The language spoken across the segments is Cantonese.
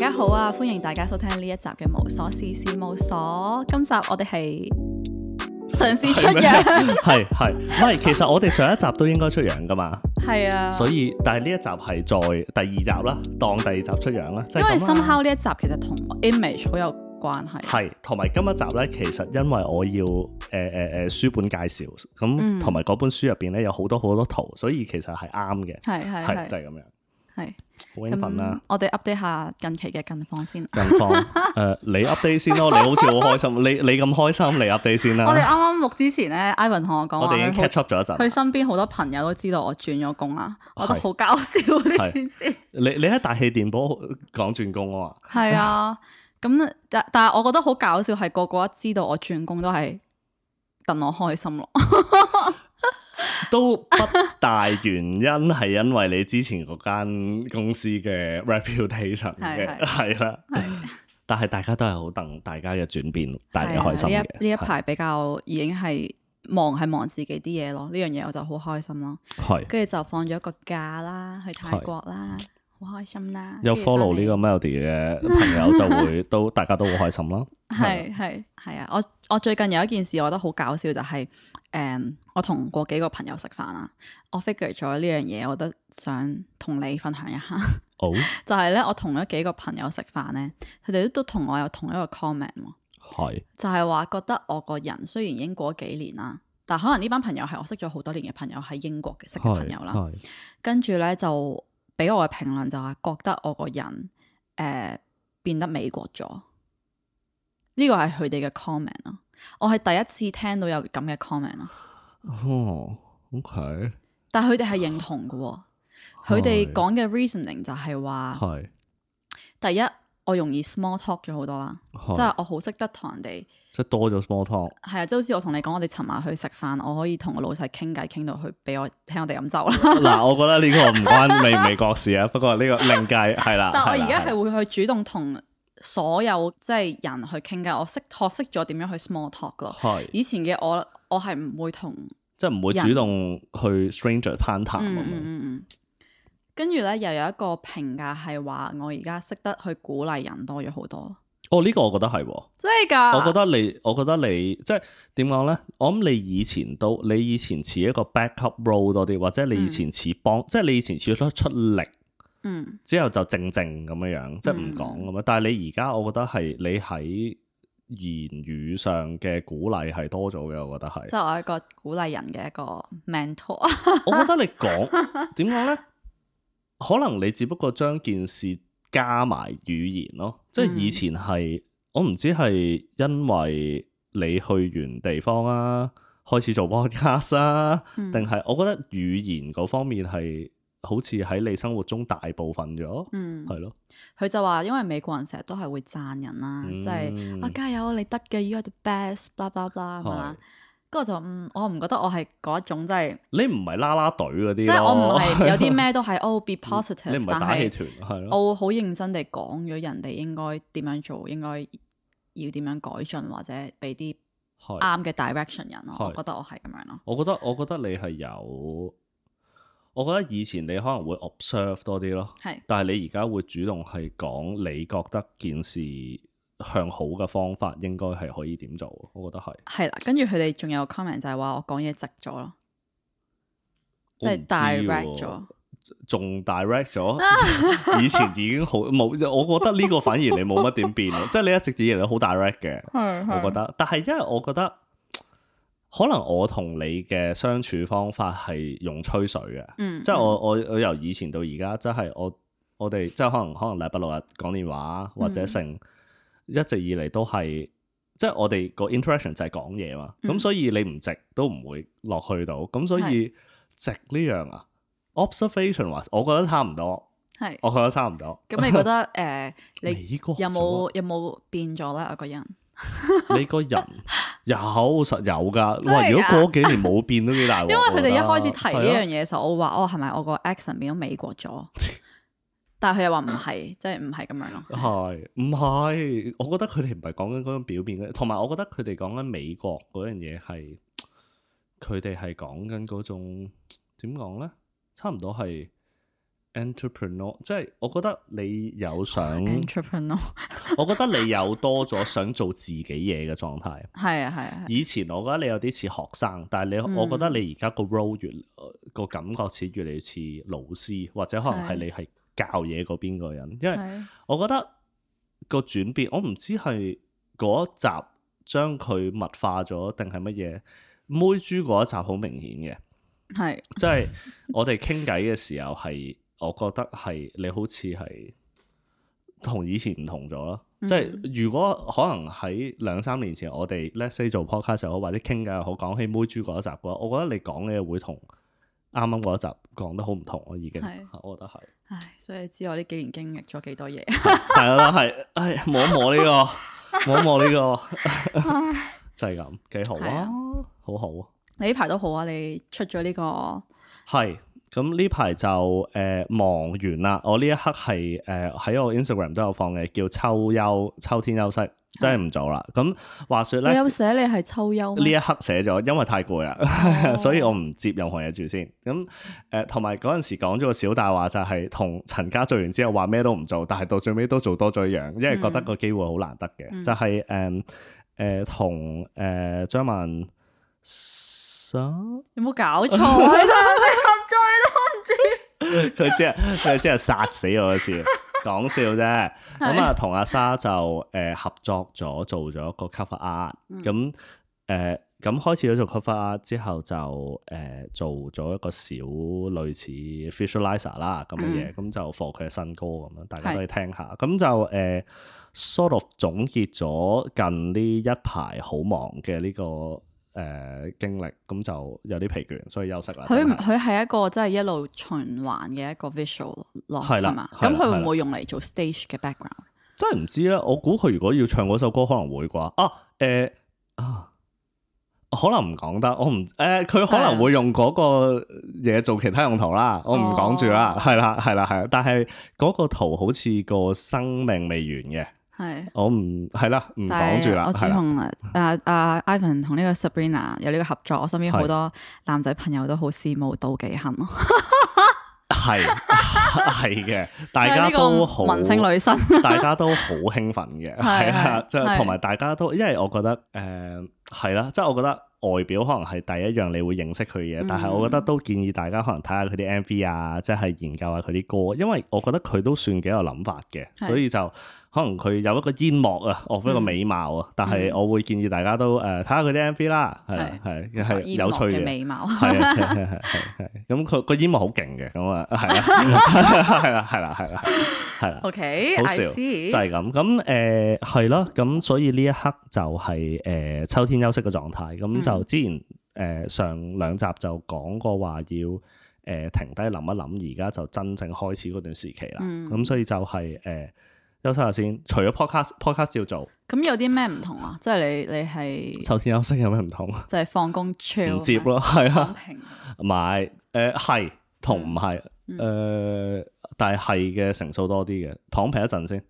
大家好啊！歡迎大家收聽呢一集嘅無瑣事事務所。今集我哋係嘗試出樣嗎，係係， 唔係。其實我哋上一集都應該出樣噶嘛，係 是啊。所以但係呢一集係在第二集啦，當第二集出樣啦。就是樣啊，因為 somehow 呢一集其實同 image 好有關係，係同埋今一集咧，其實因為我要誒誒誒書本介紹，咁同埋嗰本書入邊咧有好多好多圖，所以其實係啱嘅，係係就係咁樣。係好興奮啊！我哋 update 下近期嘅近況先近況。近況，誒，你 update 先咯。你好似好開， 開心，你你咁開心，你 update 先啦。我哋啱啱錄之前咧，Ivan 同我講，我哋已經 catch up 咗一陣。佢身邊好多朋友都知道我轉咗工啦，我覺得好搞笑呢件事。你你喺大氣電波講轉工啊？係啊，咁但但係我覺得好搞笑，係個個一知道我轉工都係戥我開心咯。 都不大原因係 因為你之前嗰間公司嘅 reputation 嘅係啦，但係大家都係好等大家嘅轉變，的大家開心嘅。呢一排比較已經係忙，係忙自己啲嘢咯。呢樣嘢我就好開心咯。係的，跟住就放咗一個假啦，去泰國啦。好開心啦！有 follow 呢個 melody 嘅朋友就會都 大家都好開心啦。係係係啊！我我最近有一件事，我覺得好搞笑，就係、是、誒、嗯、我同過幾個朋友食飯啊。我 figure 咗呢樣嘢，我覺得想同你分享一下。哦， 就係咧，我同咗幾個朋友食飯咧，佢哋都都同我有同一個 comment，係是就係話覺得我個人雖然已經過咗幾年啦，但可能呢班朋友係我識咗好多年嘅朋友，喺英國嘅識嘅朋友啦。跟住咧就。俾我嘅評論就係覺得我個人誒、呃、變得美國咗，呢個係佢哋嘅 comment 啊，我係第一次聽到有咁嘅 comment 啊。哦、oh，OK，但係佢哋係認同嘅，佢哋講嘅 reasoning 就係話，係第一。我容易 small talk 咗好多啦，是即係我好識得同人哋，即係多咗 small talk。係啊，即係好似我同你講，我哋尋晚去食飯，我可以同個老細傾偈，傾到去俾我聽我哋飲酒啦。嗱、啊，我覺得呢個唔關美唔美國事啊， 不過呢個另計係啦。但我而家係會去主動同所有即係人去傾偈，我識學識咗點樣去 small talk 咯。的以前嘅我，我係唔會同，即係唔會主動去 stranger 攀談啊嘛。嗯嗯嗯跟住咧，又有一個評價係話，我而家識得去鼓勵人多咗好多。哦，呢、這個我覺得係、哦，真係的噶。我覺得你，我覺得你，即係點講咧？我諗你以前都，你以前似一個 backup role 多啲，或者你以前似幫，嗯、即係你以前似得出力。嗯。之後就靜靜咁樣樣，即係唔講咁樣。嗯、但係你而家，我覺得係你喺言語上嘅鼓勵係多咗嘅。我覺得係。即係我一個鼓勵人嘅一個 mentor。 我覺得你講點講咧？可能你只不過將件事加埋語言咯，即係以前係、嗯、我唔知係因為你去完地方啊，開始做 broadcast 啊，定係、嗯、我覺得語言嗰方面係好似喺你生活中大部分咗，嗯，係咯。佢就話因為美國人成日都係會讚人啦、啊，即係、嗯就是、啊加油你得嘅 you're the best，blah blah blah, blah, blah 嗎嗰個就嗯，我唔覺得我係嗰一種即係、就是、你唔係啦啦隊嗰啲咯，即係我唔係 有啲咩都係哦、oh，be positive，唔打氣團但係我好認真地講咗人哋應該點樣做，應該要點樣改進或者俾啲啱嘅 direction 人的咯。我覺得我係咁樣咯。我覺得我覺得你係有，我覺得以前你可能會 observe 多啲咯，係的，但係你而家會主動係講你覺得件事。向好嘅方法應該係可以點做？我覺得係係啦。跟住佢哋仲有個 comment 就係、係、話我講嘢直咗咯，即係 direct 咗，仲 direct 咗。啊、 以前已經好冇，我覺得呢個反而你冇乜點變，即係 你一直以嚟都好 direct 嘅，係係我覺得。但係因為我覺得可能我同你嘅相處方法係用吹水嘅，即係、嗯、我我，我由以前到而家，即、就、係、係、我我哋即係可能可能禮拜六日講電話或者成。一直以嚟都係，即係我哋個 interaction 就係講嘢嘛，咁、嗯、所以你唔值都唔會落去到，咁、嗯、所以值呢樣啊？Observation wise，Obs 我覺得差唔多，係是，我覺得差唔多。咁你覺得誒、呃，你有冇有冇變咗咧？我個人，你個人有實有噶，喂 的，如果過咗幾年冇變都幾大。因為佢哋一開始提呢樣嘢嘅時候，我話哦，係咪我個 action 變咗美國咗？ 但係佢又話唔係，即係唔係咁樣咯。係唔係？我覺得佢哋唔係講緊嗰種表面嘅，同埋我覺得佢哋講緊美國嗰樣嘢係佢哋係講緊嗰種點講咧，差唔多係 entrepreneur。即係我覺得你有想 entrepreneur。 我覺得你有多咗想做自己嘢嘅狀態。係啊， 係啊。以前我覺得你有啲似學生，但係你、嗯、我覺得你而家個 role 越個、呃、感覺似越嚟越似老師，或者可能係你係。教嘢嗰邊個人，因為我覺得個轉變，我唔知係嗰一集將佢物化咗，定係乜嘢？妹豬嗰一集好明顯嘅，係即係我哋傾偈嘅時候，係我覺得係你好似係同以前唔同咗咯。即係、嗯、如果可能喺兩三年前，我哋 let’s say 做 podcast 又好，或者傾偈又好講起妹豬嗰一集嘅話，我覺得你講嘅嘢會同啱啱嗰一集講得好唔同咯，已經，是我覺得係。唉，所以你知我呢幾年經歷咗幾多嘢，係啦係，唉，摸一摸呢個，摸一摸呢個，就係咁，幾好啊，啊好好啊。你呢排都好啊，你出咗呢個，係，咁呢排就誒、呃、忙完啦，我呢一刻係誒喺我 Instagram 都有放嘅，叫秋休，秋天休息。真係唔做啦。咁話說咧，有寫你係秋休呢一刻寫咗，因為太攰啦，哦、 所以我唔接任何嘢住先。咁誒，同埋嗰陣時講咗個小大話就係同陳家做完之後話咩都唔做，但係到最尾都做多咗一樣，因為覺得個機會好難得嘅，嗯嗯、就係誒誒同誒張文生、so? 有冇搞錯、啊？你合作你都唔知，佢即係佢即係殺死我一次。講笑啫，咁啊同阿莎就誒、呃、合作咗做咗個 cover art，咁誒咁開始咗做 cover art，之後就誒、呃、做咗一個小類似 visualizer 啦咁嘅嘢，咁、嗯、就 for 佢嘅新歌咁樣，大家可以聽下。咁是就誒、呃、sort of 總結咗近呢一排好忙嘅呢、這個。誒、呃、經歷咁就有啲疲倦，所以休息啦。佢佢係一個即係一路循環嘅一個 visual 落係啦，咁佢吧的會唔會用嚟做 stage 嘅 background？真係唔知啦，我估佢如果要唱嗰首歌可能會啩啊誒、欸、啊，可能唔講得，我唔誒佢可能會用嗰個嘢做其他用途啦，我唔講住啦，係啦係啦係啦，但係嗰個圖好似個生命未完嘅。係，我唔係啦，唔擋住啦。我自從阿阿 Ivan 同呢個 Sabrina 有呢個合作，我身邊好多男仔朋友都好羨慕妒忌恨咯。係係嘅，大家都好文青女生，大家都好興奮嘅，係啦，即係同埋大家都，因為我覺得誒係啦，即係我覺得外表可能係第一樣你會認識佢嘅嘢，但係我覺得都建議大家可能睇下佢啲 MV 啊，即係研究下佢啲歌，因為我覺得佢都算幾有諗法嘅，所以就。可能佢有一個煙幕啊，或者一個美貌啊，但係我會建議大家都誒睇下佢啲 MV 啦，係係係有趣嘅美貌，係係係係咁佢個煙幕好勁嘅，咁啊係、 啊、啦係啦係啦係啦係啦，對啦，OK 好笑 I see 就係咁咁誒係咯，咁所以呢一刻就係誒秋天休息嘅狀態，咁就之前誒上兩集就講過話要誒停低諗一諗，而家就真正開始嗰段時期啦，咁所以就係誒。休息下先，除咗 podcast，podcast 要做，咁有啲咩唔同啊？即係你，你係秋天休息有咩唔同啊？即係放工 s 唔接咯，係啊，躺平。買誒係同埋誒，但係係嘅成數多啲嘅躺平一陣先，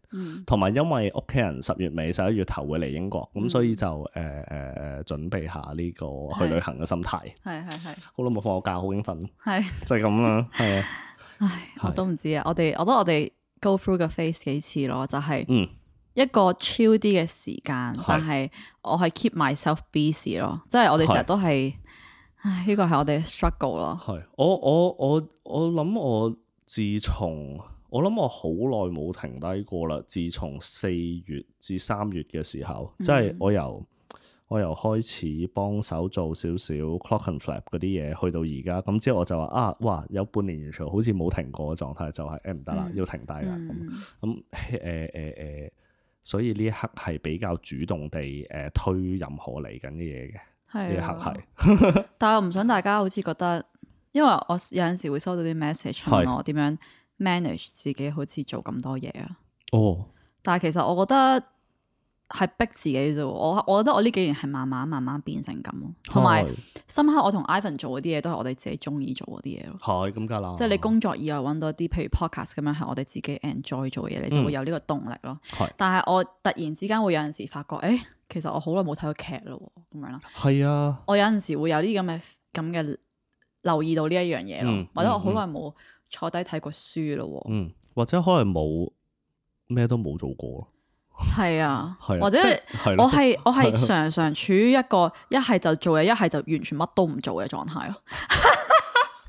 同埋因為屋企人十月尾十一月頭會嚟英國，咁所以就誒誒誒，準備下呢個去旅行嘅心態。係係係，好耐冇放過假，好興奮。係就係咁啦，係啊。唉，我都唔知啊，我哋，我覺得我哋。Go through 個 phase 幾次咯，就係一個超啲嘅時間，是但係我係 keep myself busy 咯，即、就、係、是、我哋成日都係，呢是、這個係我哋 struggle 咯。係我我我我諗我自從我諗我好耐冇停低過啦，自從四月至三月嘅時候，即係、嗯、我由。我又開始幫手做少少 clock and flap 嗰啲嘢，去到而家咁之後我就話啊，哇！有半年完全好似冇停過嘅狀態，就係誒唔得啦，要停低啦，咁咁誒誒誒，所以呢一刻係比較主動地誒、嗯、推任何嚟緊嘅嘢嘅嘅行為。的但係我唔想大家好似覺得， 因為我有陣時會收到啲 message 問我點樣 manage 自己好，好似做咁多嘢啊。哦，但係其實我覺得。係逼自己啫，我我覺得我呢幾年係慢慢慢慢變成咁咯，同埋深刻。我同 Ivan 做嗰啲嘢都係我哋自己中意做嗰啲嘢咯。係咁噶啦，即係你工作以外揾到一啲，譬如 podcast 咁樣，係我哋自己 enjoy 做嘢，你就會有呢個動力咯。嗯、但係我突然之間會有陣時發覺，誒、欸，其實我好耐冇睇過劇咯，咁樣咯。係啊的。我有陣時會有啲咁嘅咁嘅留意到呢一樣嘢咯，嗯、或者我好耐冇坐低睇過書咯、嗯嗯。嗯，或者可能冇咩都冇做過。係啊，或者我係我係常常處於一個一係就做嘢，一係就完全乜都唔做嘅狀態咯。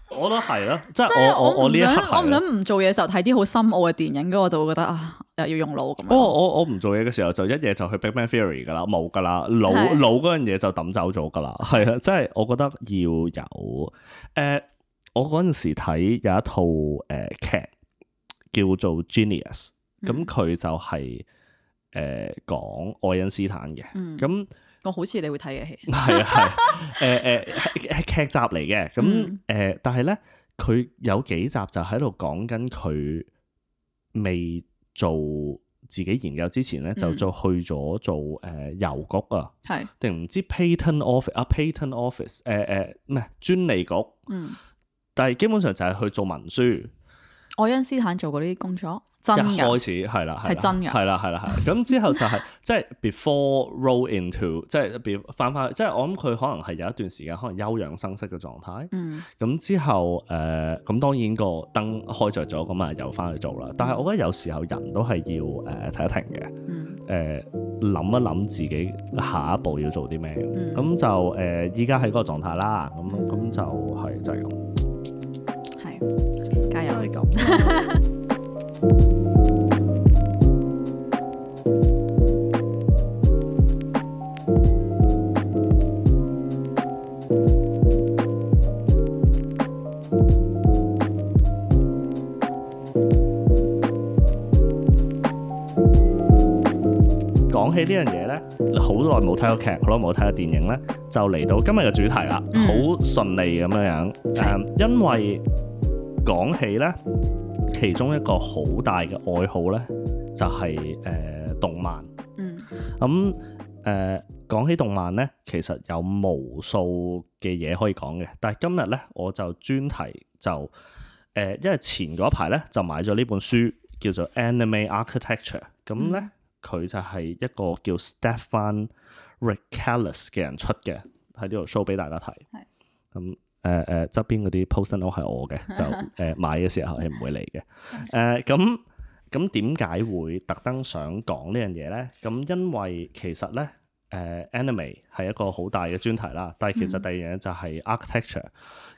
我都係咯，即係我我我呢一刻，我唔想唔做嘢嘅時候睇啲好深奧嘅電影，咁我就會覺得啊，又要用腦咁樣。我我我唔做嘢嘅時候就一嘢就去 Big Bang Theory 噶啦，冇噶啦，腦腦嗰樣嘢就抌走咗噶啦。係啊，即係我覺得要有誒，我嗰陣時睇有一套誒劇叫做 Genius，咁佢就係。誒，講、呃、愛因斯坦嘅，咁、嗯、那我好似你會睇嘅戲，係係， 誒誒，係、呃、劇集嚟嘅，咁誒、呃，但係咧，佢有幾集就喺度講緊佢未做自己研究之前咧，就做去咗做誒郵局啊，係、呃，定唔知 patent office 啊 patent office，誒誒，咩專利局，嗯，但係基本上就係去做文書，愛因斯坦做過呢啲工作。一開始係啦係，係真嘅係啦係啦係。咁 之後就係即係 before roll into，即係翻翻去。即、就、係、是、我諗佢可能係有一段時間可能休養生息嘅狀態。咁、嗯、之後誒、咁、呃、當然個燈開着咗咁嘛，又翻去做啦。但係我覺得有時候人都係要誒停、呃、一停嘅，誒諗、嗯呃、一諗自己下一步要做啲咩。咁、嗯、就誒依家喺嗰個狀態啦。咁咁、嗯、就係就係、是、咁，係加油。 呢樣嘢咧，好耐冇睇過劇，好耐冇睇過電影咧，就嚟到今日嘅主題啦，好順利咁樣樣。誒、嗯，因為講起咧，其中一個好大嘅愛好咧，就係、是、誒、呃、動漫。嗯。咁誒、嗯呃，講起動漫咧，其實有無數嘅嘢可以講嘅，但係今日咧，我就專題就誒、呃，因為前嗰排咧，就買咗呢本書叫做 An、嗯《Anime Architecture、嗯》。咁咧。佢就係一個叫 Stephan Reckless 嘅人出嘅，喺呢度 show 俾大家睇。咁誒誒側邊嗰啲 post number 係我嘅， 就誒、呃、買嘅時候係唔會嚟嘅。誒咁咁點解會特登想講呢樣嘢咧？咁因為其實咧誒 anime 係一個好大嘅專題啦，但係其實第二樣就係 architecture，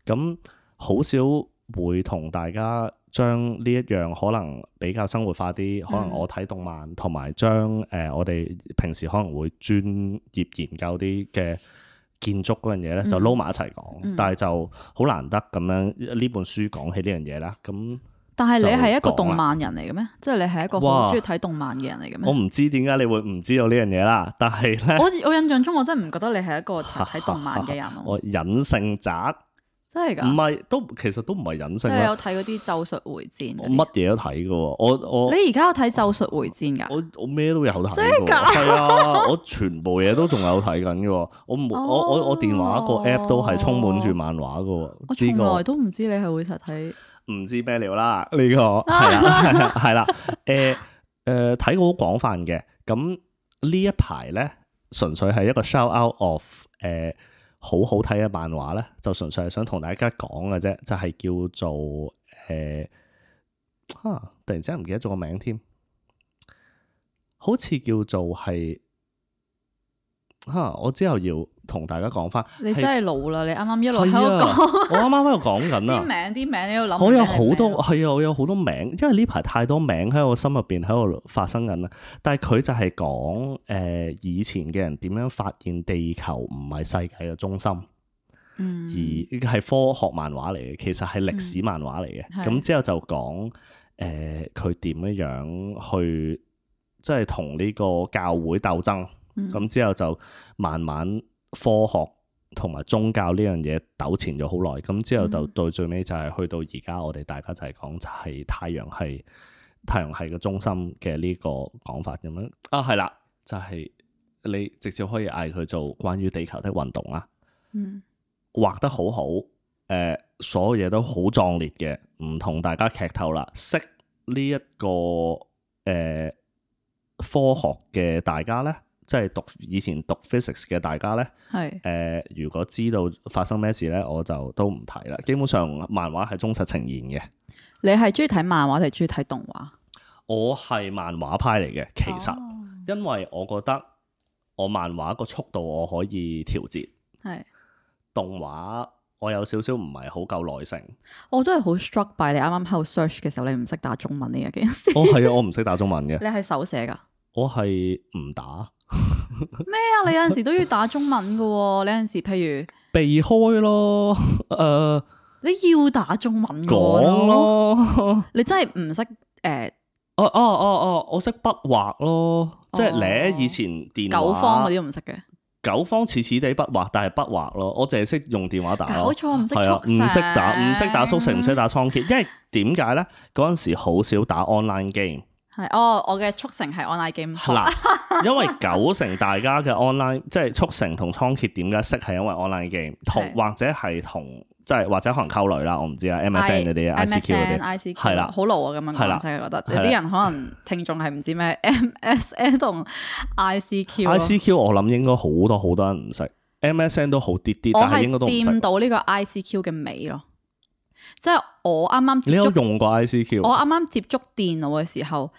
咁好、嗯、少。會同大家將呢一樣可能比較生活化啲，嗯、可能我睇動漫，同埋將誒、呃、我哋平時可能會專業研究啲嘅建築嗰樣嘢咧，嗯、就撈埋一齊講。嗯、但係就好難得咁樣呢本書講起呢樣嘢啦。咁，但係你係一個動漫人嚟嘅咩？即、就、係、是、你係一個好中意睇動漫嘅人嚟嘅咩？我唔知點解你會唔知道呢樣嘢啦。但係咧，我我印象中我真係唔覺得你係一個睇動漫嘅人。哈哈哈哈我隱性宅。真係噶，唔係都其實都唔係隱性，我有睇嗰啲咒術迴戰我。我乜嘢都睇噶，我我，你而家有睇咒術迴戰噶？我我咩都有睇。真係的噶。係 啊，我全部嘢都仲有睇緊噶。我冇，哦哦，我我我電話個 app 都係充滿住漫畫噶。我從來都唔知你係會實睇。唔、這個、知咩料啦，呢、這個係啦係啦。誒誒、啊，睇嘅好廣泛嘅。咁呢一排咧，純粹係一個 shout out, out of 誒、嗯。好好睇嘅漫畫咧，就純粹係想同大家講嘅啫，就係、是、叫做誒嚇、呃啊，突然之間唔記得咗個名添，好似叫做係。吓、啊！我之後要同大家講翻，你真係老啦！你啱啱一路喺度講，我啱啱喺度講緊啦。啲名啲名喺度諗，我有好多係啊！我有好多名，因為呢排太多名喺我心入邊喺度發生緊啦。但係佢就係講誒，以前嘅人點樣發現地球唔係世界嘅中心？嗯，而係科學漫畫嚟嘅，其實係歷史漫畫嚟嘅。咁、嗯、之後就講誒，佢、呃、點樣去即係同呢個教會鬥爭。咁、嗯、之後就慢慢科學同埋宗教呢樣嘢糾纏咗好耐。咁之後就到最尾就係去到而家，嗯、我哋大家就係講就係太陽係太陽係個中心嘅呢個講法咁樣啊。係啦，就係、是、你直接可以嗌佢做關於地球的運動啦、啊。嗯、畫得好好，誒、呃，所有嘢都好壯烈嘅，唔同大家劇透啦。識呢、這、一個誒、呃、科學嘅大家咧。即係讀以前讀 physics 嘅大家呢，係誒是、呃，如果知道發生咩事呢，我就都唔睇啦。基本上漫畫係忠實呈現嘅。你係中意睇漫畫定係中意睇動畫？我係漫畫派嚟嘅，其實、哦、因為我覺得我漫畫個速度，我可以調節，係是動畫我有少少唔係好夠耐性。我都係好 struck by 你啱啱喺度 search 嘅時候，你唔識打中文呢一件事，我係啊，我唔識打中文嘅。你係手寫㗎？我係唔打。咩 啊？你有陣時都要打中文噶喎、哦，你有陣時譬如避開咯，誒、呃，你要打中文講咯、哦，了你真係唔識誒，哦哦哦哦，我識筆畫咯，哦、即係你以前電話九方都，你又唔識嘅？九方似似地筆畫，但係筆畫咯，我淨係識用電話打咯，搞錯唔識，唔識、啊、打，唔識打，唔識打速成，唔識打倉頡，因為點解咧？嗰陣時好少打 online game。哦，我嘅速成係 online game。嗱，因為九成大家嘅 online 即係速成同倉頡點解識係因為 online game 同或者係同即係或者可能溝女啦，我唔知啊 MSN 嗰啲 ICQ 嗰啲。ICQ 啦，好老啊，咁樣講真，覺得有啲人可能聽眾係唔知咩 MSN 同 ICQ。ICQ 我諗應該好多好多人唔識，MSN 都好啲啲，但係應該都掂到呢個 ICQ 嘅尾咯，即係我啱啱你都用過 ICQ。我啱啱接觸電腦嘅時候。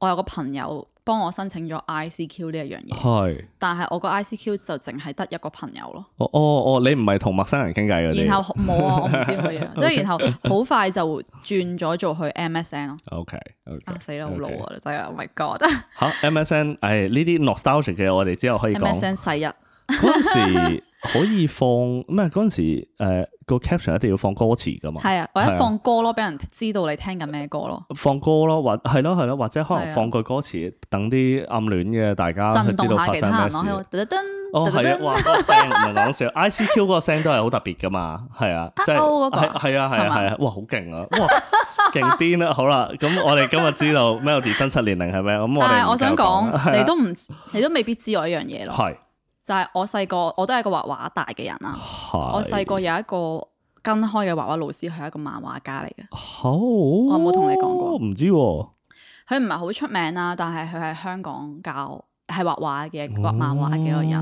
我有個朋友幫我申請咗 ICQ 呢一樣嘢，係。但係我個 ICQ 就淨係得一個朋友咯。哦哦哦，你唔係同陌生人傾偈嗰啲，然後冇啊，我唔知佢啊，即係然後好快就轉咗做去 MSN 咯。OK OK，死啦好老啊，真係 Okay、oh、My God！好 MSN，唉、哎、呢啲 nostalgic，我哋之後可以講 MSN 細一。嗰陣時可以放咩？嗰陣時誒個 caption 一定要放歌詞噶嘛？係啊，或者放歌咯，俾人知道你聽緊咩歌咯。放歌咯，或係咯係咯，或者可能放句歌詞，等啲暗戀嘅大家去知道發生咩事。哦，係啊，哇個聲唔係講笑，I C Q 嗰個聲都係好特別噶嘛，係啊，真係係啊係啊係啊，哇，好勁啊，哇，勁癲啦！好啦，咁我哋今日知道 Melody 真實年齡係咩？咁我哋。我想講，你都唔，你都未必知我一樣嘢咯，係。就係我細個，我都係一個畫畫大嘅人啦。的我細個有一個跟開嘅畫畫老師，佢係一個漫畫家嚟嘅。Oh, 我有冇同你講過？唔知佢唔係好出名啦，但係佢喺香港教係畫畫嘅畫漫畫嘅一個人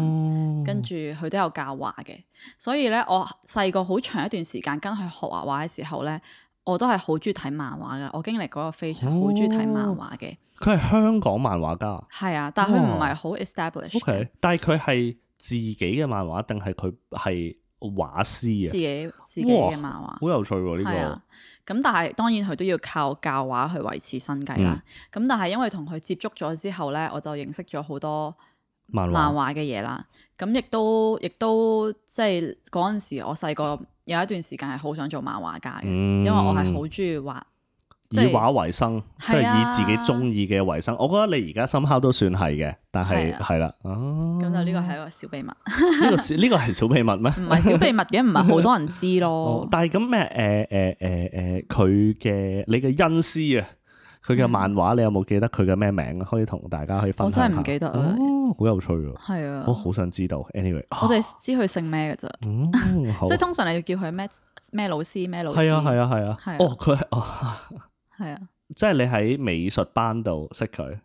，oh、跟住佢都有教畫嘅。所以咧，我細個好長一段時間跟佢學畫畫嘅時候咧。我都係好中意睇漫畫㗎，我經歷嗰個非常好中意睇漫畫嘅。佢係、哦、香港漫畫家。係啊，但係佢唔係好 establish。哦、o、okay, K，但係佢係自己嘅漫畫定係佢係畫師啊？自己自己嘅漫畫，好有趣喎、啊、呢、呢個。咁、啊、但係當然佢都要靠教畫去維持生計啦。咁、嗯、但係因為同佢接觸咗之後咧，我就認識咗好多漫畫嘅嘢啦。咁亦畫都亦都即係嗰陣時我細個。有一段時間係好想做漫畫家嘅，嗯、因為我係好中意畫，即係、以畫為生，啊、即係以自己中意嘅為生。我覺得你而家深刻都算係嘅，但係係啦。咁、啊啊、就呢個係一個小秘密。呢、 呢個呢、呢個係小秘密咩？唔係小秘密嘅，唔係好多人知咯、哦。但係咁咩？誒誒誒誒，佢、呃、嘅、呃呃、你嘅恩師啊？佢嘅漫畫，你有冇記得佢嘅咩名，可以同大家可以分享？我真係唔記得啊！好有趣喎。啊。我好、哦、想知道。anyway，、啊、我哋知佢姓咩嘅啫。即係、嗯、 通常你要叫佢咩咩老師咩老師。係啊係啊係啊，啊哦。哦，佢係哦，係啊。即係 你喺美術班度識佢。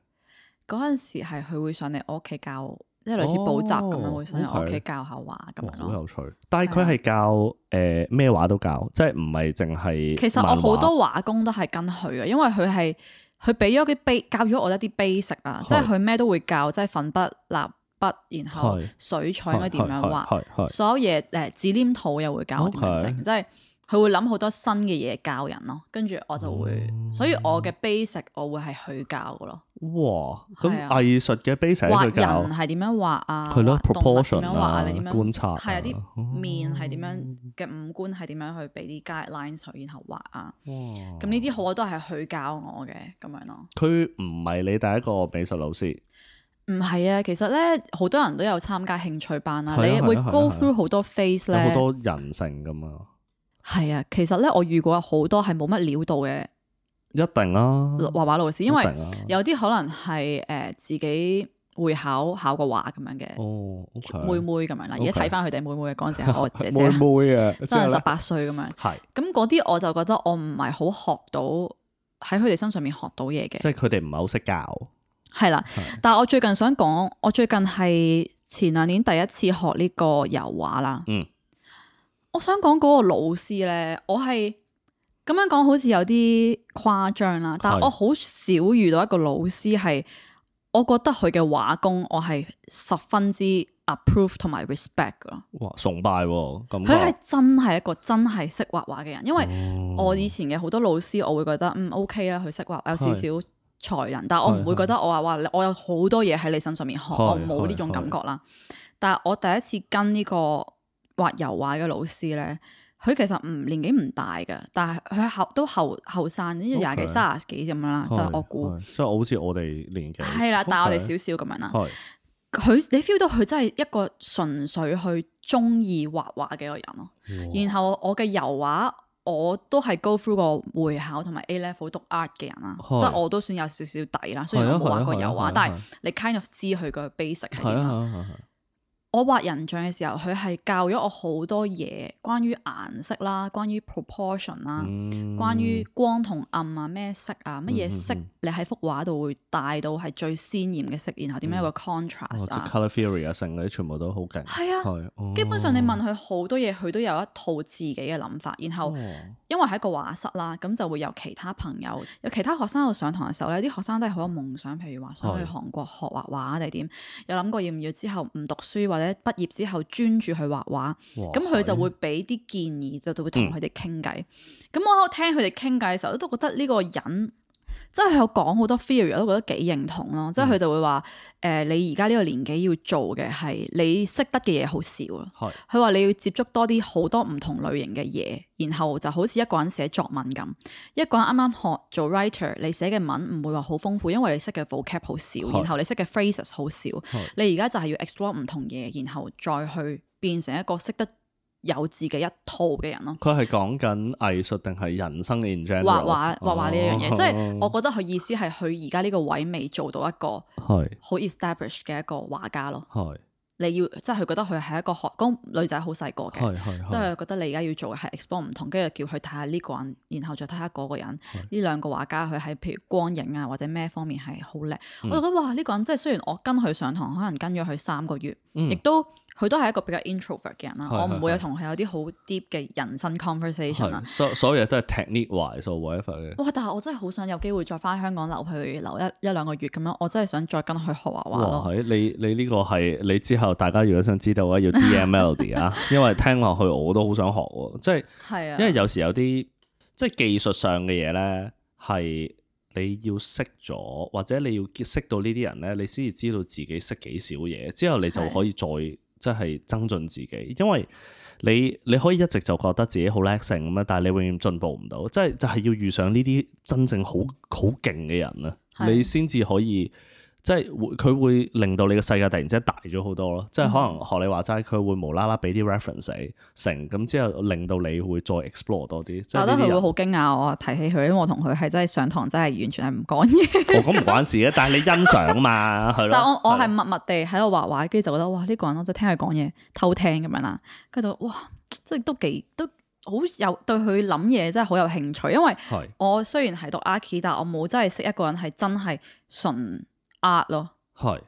嗰陣時係佢會上嚟我屋企教。即係類似補習咁樣，哦、會想喺屋企教下畫咁樣咯。好有趣，但係佢係教誒咩的、呃、畫都教，即係唔係淨係。其實我好多畫工都係跟佢嘅，因為佢係佢俾咗啲碑，教咗我一啲 basic 啊的， 即係佢咩都會教，即係粉筆、蠟筆，然後水彩應該點樣畫，所有嘢誒紙黏土又會教我點樣整。即係佢會諗好多新嘅嘢教人咯，跟住我就會，嗯、所以我嘅 basic 我會係佢教嘅咯。哇！咁藝術嘅 basic 人係點樣畫啊？係咯，proportion 啊，點樣畫，你點樣觀察係啲面係點樣嘅哇五官係點樣去俾啲 guidelines 然後畫啊！咁呢啲好啊，都係佢教我嘅咁樣咯。佢唔係你第一個美術老師？唔係啊！其實咧，好多人都有參加興趣班啊，啊你會 go through 好、啊啊啊啊、多 face 咧呢，好多人性咁啊。係啊，其實咧，我遇過好多係冇乜料到嘅。一定啦，啊，畫畫老師，因為有啲可能係誒、呃、自己會考考個畫咁樣嘅，哦、okay, 妹妹咁樣啦，而家睇翻佢哋妹妹嘅嗰時，我姐姐 妹妹啊，真係十八歲咁樣，咁嗰啲我就覺得我唔係好學到喺佢哋身上面學到嘢嘅，即係佢哋唔係好識教，係啦的。的但係我最近想講，我最近係前兩年第一次學呢個油畫啦，嗯，我想講嗰個老師咧，我係。咁樣講好似有啲誇張啦，但係我好少遇到一個老師係，我覺得佢嘅畫工我係十分之 approve 同埋 respect 噶哇，崇拜啊！佢係真係一個真係識畫畫嘅人，因為我以前嘅好多老師，我會覺得嗯 OK 啦，佢識畫，有少少才人，是但係我唔會覺得我話話我有好多嘢喺你身上面學，是我冇呢種感覺啦。但係我第一次跟呢個畫油畫嘅老師咧。佢其實唔年紀唔大嘅，但係佢後都後後生，啲廿幾、三十幾咁樣啦，就我估。所以我好似我哋年紀係啦，但係我哋少少咁樣啦。佢你 feel 到佢真係一個純粹去中意畫畫嘅一個人咯。然後我嘅油畫我都係 go through 個會考同埋 A level 讀 art 嘅人啦，即係我都算有少少底啦。雖然我冇畫過油畫，但係你 kind of 知佢個 basic 係點。我畫人像嘅時候，佢係教咗我好多嘢，關於顏色啦，關於 proportion 啦，嗯、關於光同暗啊，咩色啊，乜嘢色你喺幅畫度會帶到係最鮮豔嘅色，然後點樣有個 contrast 啊。哦就是、colour theory 啊，剩啲全部都好勁。係啊，哦、基本上你問佢好多嘢，佢都有一套自己嘅諗法。然後、哦、因為喺個畫室啦，咁就會有其他朋友，有其他學生喺上堂嘅時候咧，啲學生都係好有夢想，譬如話想去韓國學畫畫定係點，有諗過要唔要之後唔讀書或畢業之後專注去畫畫，咁佢哇 就會俾啲建議，就就會同佢哋傾偈。咁、嗯、我喺度聽佢哋傾偈嘅時候，都都覺得呢個人。即係佢有講好多 theory，我都覺得幾認同咯。即係佢就會話，誒、嗯呃，你而家呢個年紀要做嘅係你識得嘅嘢好少啦。佢話是 你要接觸多啲好多唔同類型嘅嘢，然後就好似一個人寫作文咁，一個人啱啱學做 writer，你寫嘅文唔會話好豐富，因為你識嘅 vocab 好少，是 然後你識嘅 phrases 好少。是 你而家就係要 explore 唔同嘢，然後再去變成一個識得。有自己一套嘅人咯。佢係講緊藝術定係人生嘅 in general? 畫畫、畫畫呢一樣嘢，哦、即係我覺得佢意思係佢而家呢個位未做到一個係好 establish 嘅一個畫家咯。係是你要即係佢覺得佢係一個學，嗰、嗰個、女仔好細個嘅，即係覺得你而家要做嘅係 explore 唔同，跟住叫佢睇下呢個人，然後再睇下嗰個人，呢是兩個畫家佢喺譬如光影啊或者咩方面係好叻。嗯、我就覺得哇，呢、呢個人即係雖然我跟佢上堂，可能跟咗佢三個月，亦、嗯、都。佢都係一個比較 introvert 嘅人啦、啊，是是是我唔會有同佢有啲好 deep 嘅人生 conversation 啦、啊。所所有嘢都係 technical 嘅。Wise，哇！但係我真係好想有機會再翻香港留去留一一兩個月咁樣，我真係想再跟佢學畫畫咯。係你你呢個係你之後大家如果想知道嘅話要 DML 啲啊， 因為聽落去我都好想學喎。即、就、係、是啊、因為有時有啲即係技術上嘅嘢咧，係你要識咗或者你要識到呢啲人咧，你先至知道自己識幾少嘢，之後你就可以再。即係增進自己，因為你你可以一直就覺得自己好叻性，咁樣，但係你永遠進步唔到，即係就係、是、要遇上呢啲真正好好勁嘅人啊，的你先至可以。即係佢會令到你個世界突然之間大咗好多咯，即係可能學你話齋，佢會無啦啦俾啲 reference 你成，咁之後令到你會再 explore 多啲。我覺得佢會好驚訝我提起佢，因為我同佢係真係上堂真係完全係唔講嘢。咁唔關事嘅，但係你欣賞嘛，但我我係默默地喺度畫畫，跟住就覺得哇，呢個人我真係聽佢講嘢偷聽咁樣啦，佢就哇即係都幾都好有對佢諗嘢真係好有興趣，因為我雖然係讀 archi，但係我冇真係識一個人係真係純。啊咯，係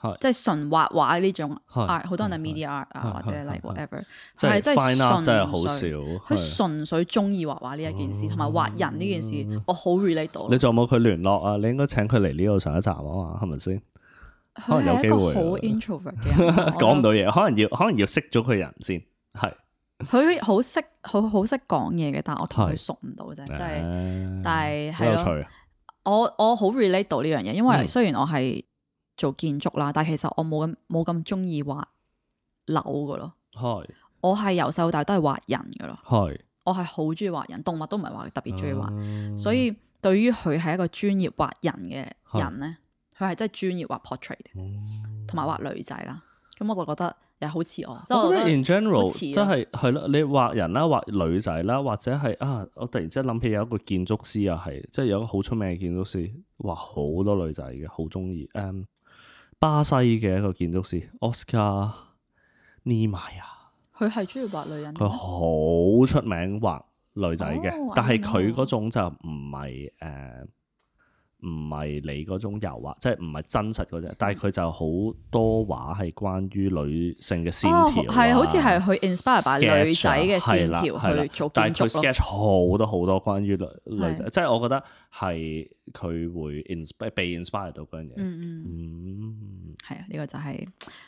係，即係純畫畫呢種，好多人係 media art 啊或者 like whatever，係即係真係好少，佢純粹中意畫畫呢一件事，同埋畫人呢件事，我好 relate 到。你仲有冇佢聯絡啊？你應該請佢嚟呢度上一集啊嘛，係咪先？可能有一個好 introvert 嘅，講唔到嘢，可能要可能要識咗佢人先，係。佢好識，好好識講嘢嘅，但係我同佢熟唔到啫，即係，但係係我我好 relate 到呢樣嘢，因為雖然我係做建築啦，嗯、但係其實我冇咁冇咁中意畫樓噶咯。係是，我係由細到大都係畫人噶咯。係是，我係好中意畫人，動物都唔係話特別中意畫。哦、所以對於佢係一個專業畫人嘅人咧，佢係真係專業畫 portrait，同埋、哦、畫女仔啦。咁我就覺得。又好似我，即係我覺得 in general，即係係咯。你畫人啦，畫女仔啦，或者係啊，我突然之間諗起有一個建築師又係，即係、就是、有一個好出名嘅建築師，畫好多女仔嘅，好中意。誒、um，巴西嘅一個建築師 Oscar Niemeyer，佢係中意畫女人，佢好出名畫女仔嘅，哦、但係佢嗰種就唔係誒。Um。唔係你嗰種油畫，即係唔係真實嗰隻，但係佢就好多畫係關於女性嘅線條啊。哦，係，好似係去 inspire 把女仔嘅線條去做建築咯。但係佢 sketch 好多好多關於女女，的即係我覺得係。佢會 inspire 被 inspire 到嗰樣嘢，嗯，係啊、嗯，呢、這個就係、是，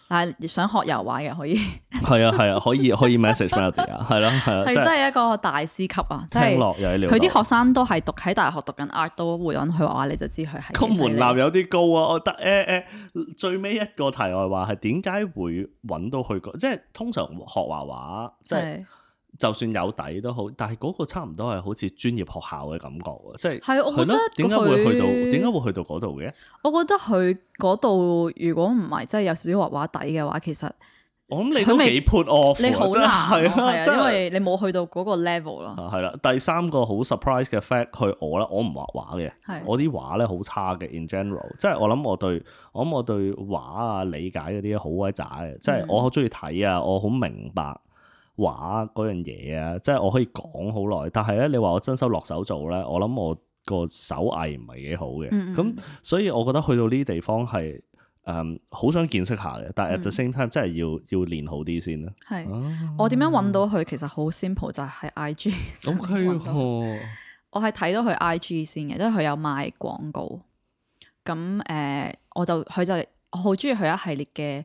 但係想學油畫嘅可以，係 啊，係啊，可以可以 message 翻我哋啊，係咯 的，係啊。佢真係一個大師級啊，即係，聽落又係佢啲學生都係讀喺大學讀緊 art，都會揾佢畫畫，你就知佢係。門檻有啲高啊，我覺得，誒誒，最尾一個題外話係點解會揾到佢個？即係通常學畫畫，即係。就算有底都好，但係嗰個差唔多係好似專業學校嘅感覺，即係係我覺得點解會去到點解會去到嗰度嘅？我覺得佢嗰度如果唔係真係有少少畫畫底嘅話，其實我諗你都幾 put off，沒你好難係啊，真係的的你冇去到嗰個 level 咯。係啦、啊，第三個好 surprise 嘅 fact，佢我咧，我唔畫畫嘅，我啲畫咧好差嘅。in general，即係我諗我對，我諗我對畫啊理解嗰啲好鬼渣嘅，即係、嗯、我好中意睇啊，我好明白。畫嗰樣嘢啊，即係我可以講好耐，但係咧你話我真心落手做咧，我諗我個手藝唔係幾好嘅。咁、嗯嗯嗯、所以我覺得去到呢啲地方係誒好想見識下嘅，但係 at the same time 真係要要練好啲先咯。係是、啊、我點樣搵到佢？其實好 simple，就係 I G。咁 Okay. 我係睇到佢 I G 先嘅，因為佢有賣廣告。咁誒、呃，我就佢就我好中意佢一系列嘅。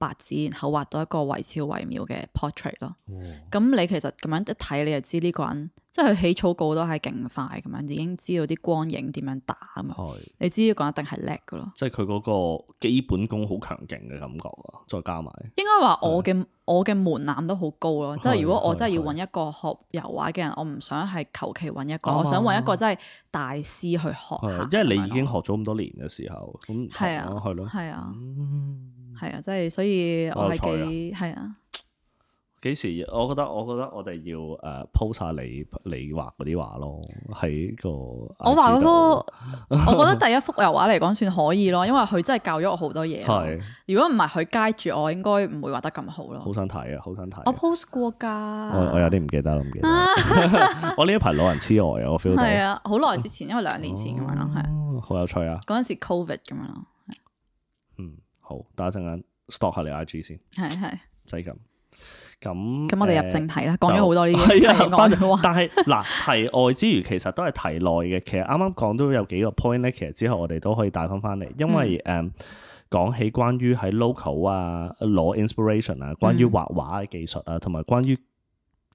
白紙，然後畫到一個惟肖惟妙嘅 portrait 咯。咁你其實咁樣一睇，你就知呢個人即係佢起草稿都係勁快，咁樣已經知道啲光影點樣打。你知呢個人一定係叻㗎咯。即係佢嗰個基本功好強勁嘅感覺啊！再加埋應該話我嘅我嘅門檻都好高咯。即係如果我真係要揾一個學油畫嘅人，我唔想係求其揾一個，我想揾一個真係大師去學。因為你已經學咗咁多年嘅時候，咁係啊，係咯，係啊。係啊，即係所以我係幾係啊？幾是的 時？我覺得，我覺得我哋要誒 post 下你你畫嗰啲畫咯。喺個我畫嗰幅， 我覺得第一幅油畫嚟講算可以咯，因為佢真係教咗我好多嘢。係。如果唔係佢 guide 住我，我應該唔會畫得咁好咯。好想睇啊！好想睇。我 post 過噶。我有啲唔記得，唔記得 我。我呢一排老人痴呆啊，我 feel 到。係啊 好耐之前，因為兩年前咁樣咯，係、 哦。好、嗯、 有趣啊！嗰陣時，covid 咁樣咯。 好，等一陣間，stop 下你 IG 先是。係係，就係咁。咁咁，我哋入正題啦。呃、講咗好多呢啲嘢，講住話。但係嗱， 題外之餘，其實都係題內嘅。其實啱啱講都有幾個 point 咧。其實之後我哋都可以帶翻翻嚟，因為誒、嗯嗯，講起關於喺 local 啊，攞 inspiration 啊，關於畫畫嘅技術啊，同埋、嗯、關於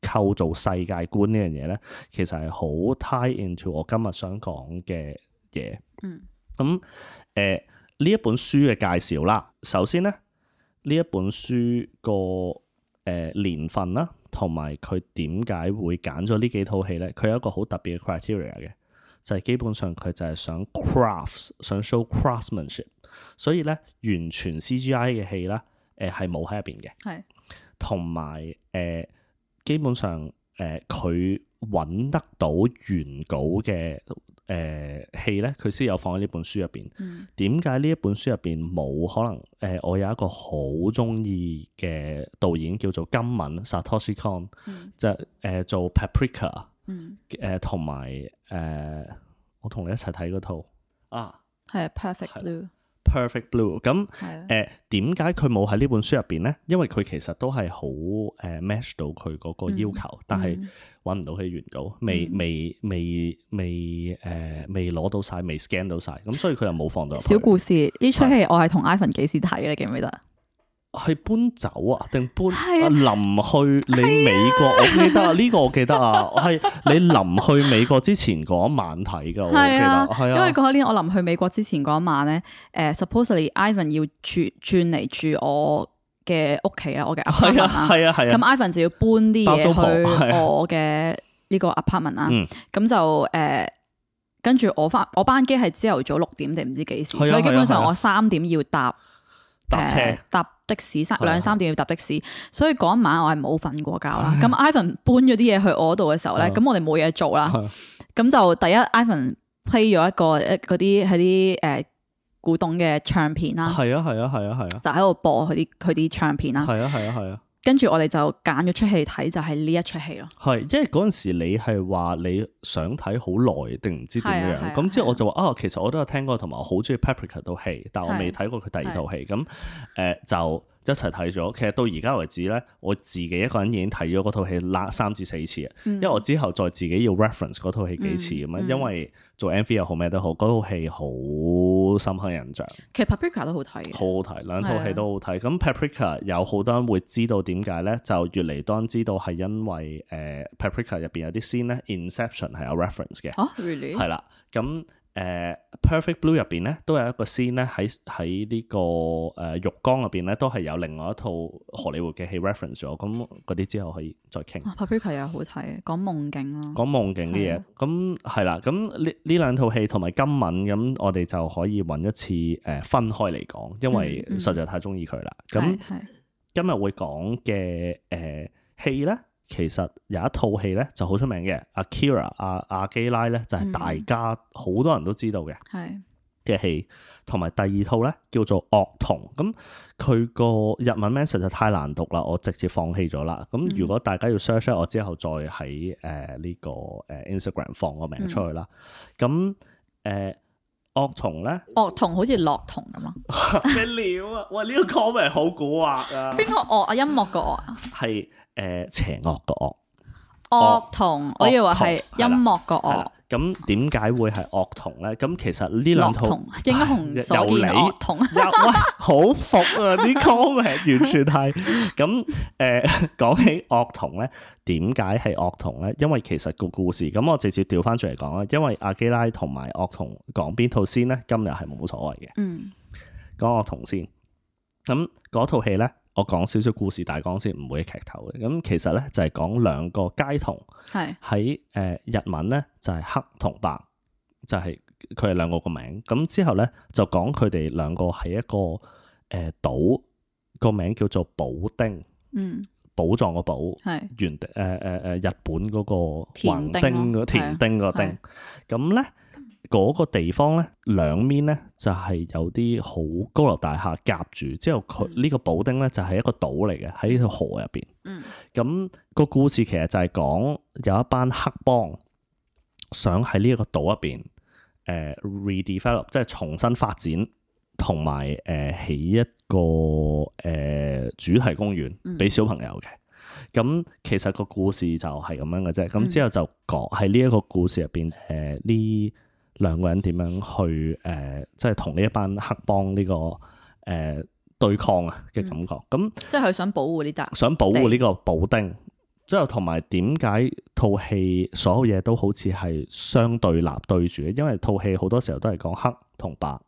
構造世界觀呢樣嘢咧，其實係好 tie into 我今日想講嘅嘢。嗯。咁誒、嗯。呃呢一本書嘅介紹啦，首先咧，呢一本書個誒、呃、年份啦，同埋佢點解會揀咗呢幾套戲咧？佢有一個好特別嘅 criteria 嘅，就係基本上佢就係想 crafts，想 show craftsmanship，所以咧，完全 CGI 嘅戲啦，誒係冇喺入邊嘅，係，同埋誒基本上。誒佢揾得到原稿嘅誒、呃、戲咧，佢先有放喺呢本書入邊。點解呢一本書入邊冇可能？誒、呃，我有一個好中意嘅導演叫做今敏 Satoshi Kon，、嗯、就誒、是呃、做 Paprika，誒同埋、嗯、誒、呃呃、我同你一齊睇嗰套啊，係、啊、Perfect Blue。Perfect Blue，咁誒點解佢冇喺呢本書入邊咧？因為佢其實都係好誒 match 到佢嗰個要求，嗯、但係揾唔到佢原稿，嗯、未未未未誒未攞到晒，未 scan、呃、到晒。咁、嗯、所以佢又冇放到。小故事，呢出戲，的我係同 Ivan 幾時睇嘅，你記唔記得？係搬走啊？定搬啊，臨去你美國？我記得啊，呢個我記得啊，我係你臨去美國之前嗰晚睇噶。係啊，係啊。因為嗰年我臨去美國之前嗰晚咧，誒，supposedly Ivan 要轉轉嚟住我嘅屋企啦，我嘅 apartment 啦，係啊，係啊，係啊。咁 Ivan 就要搬啲嘢去我嘅呢個 apartment 啊。咁就誒，跟住我翻我班機係朝頭早六點定唔知幾時，所以基本上我三點要搭。搭車搭的士三兩三點要搭的士，所以嗰一晚我係冇瞓過覺啦。咁 Ivan 搬咗啲嘢去我度嘅時候咧，咁我哋冇嘢做啦，咁就第一 Ivan play 咗一個一嗰啲係啲誒古董嘅唱片啦。係啊，係啊，係啊，係啊，就喺度播佢啲佢啲唱片啦。係啊，係啊，係啊。跟住我哋就揀咗出戲睇，就係呢一出戲咯。係，因為嗰陣時你係話你想睇好耐定唔知點樣，咁、啊、之後我就話啊，啊，其實我都有聽過，同埋我好中意 Paprika 套戲，但我未睇過佢第二套戲。咁誒是、呃、就一齊睇咗。其實到而家為止咧，我自己一個人已經睇咗嗰套戲三至四次啊。嗯、因為我之後再自己要 reference 嗰套戲幾次咁樣，嗯嗯、因為。做 MV 又好咩都好，嗰套戲好深刻印象。其實 Paprika 都好睇，好好睇，兩套戲都好睇。咁的 Paprika 有好多人會知道點解咧，就越嚟當知道係因為誒、呃、Paprika 入邊有啲 scene 咧，Inception 係有 reference 嘅。嚇，really? 係啦，咁。誒、uh, Perfect Blue 入邊咧，都有一個 scene 咧喺喺呢、這個誒、呃、浴缸入邊咧，都係有另外一套荷里活嘅戲 reference 咗。咁嗰啲之後可以再傾。啊、Paprika 又好睇，講夢境咯、啊。講夢境啲嘢。咁係啦，咁呢呢兩套戲同埋今敏，咁我哋就可以揾一次誒、呃、分開嚟講，因為實在太中意佢啦。咁今日會講嘅誒戲咧。其實有一套戲咧就好出名嘅，Akira 阿、啊、阿基拉咧就係、是、大家好、嗯、多人都知道嘅，嘅是戲。同埋第二套咧叫做《惡童》，咁、嗯、佢、嗯嗯嗯、個日文 message 就太難讀啦，我直接放棄咗啦。咁如果大家要 search 我之後再喺誒呢個誒 Instagram 放個名出去啦。咁、嗯、誒。嗯嗯惡童呢？惡童好樂童似樂童咁啊！只 料啊，喂，呢、這個講明好古惑啊！邊個惡啊？音樂個惡啊？係誒、呃，邪惡個惡。惡童，惡 我以為係音樂個惡。咁點解會係惡童咧？咁其實呢兩套，應該同所見惡童好服啊！呢 comment 完全係咁。誒，講、呃、起惡童咧，點解係惡童咧？因為其實個故事，咁我直接調翻出嚟講啦。因為阿基拉同埋惡童講邊套先咧，今日係冇所謂嘅。嗯，講惡童先，咁嗰套戲咧。我講少少故事大綱先，唔會劇透嘅。咁其實咧就係、是、講兩個街童，喺誒是、呃、日文咧就係、是、黑同白，就係佢哋兩個個名。咁之後咧就講佢哋兩個喺一個誒、呃、島，個名叫做寶丁，嗯，寶藏嘅寶，係是原誒誒誒日本嗰個橫丁田丁田丁嘅丁，丁，咁咧。嗰個地方咧，兩邊咧就係、是、有啲好高樓大廈夾住，之後佢呢個寶町咧就係、是、一個島嚟嘅，喺條河入邊。嗯。咁個故事其實就係講有一班黑幫想喺呢一個島入邊，誒、呃、redevelop，即係重新發展，同埋誒起一個誒、呃、主題公園俾小朋友嘅。咁、嗯、其實個故事就係咁樣嘅啫。咁之後就講喺呢一個故事入邊，誒、呃、呢。兩個人點樣去誒、呃，即係同呢一班黑幫呢、這個誒、呃、對抗啊嘅感覺。咁、嗯嗯、即係佢想保護呢是、嗯、想保護呢個寶町。之後同埋點解套戲所有嘢都好似係相對立對住嘅？因為套戲好多時候都係講黑同白，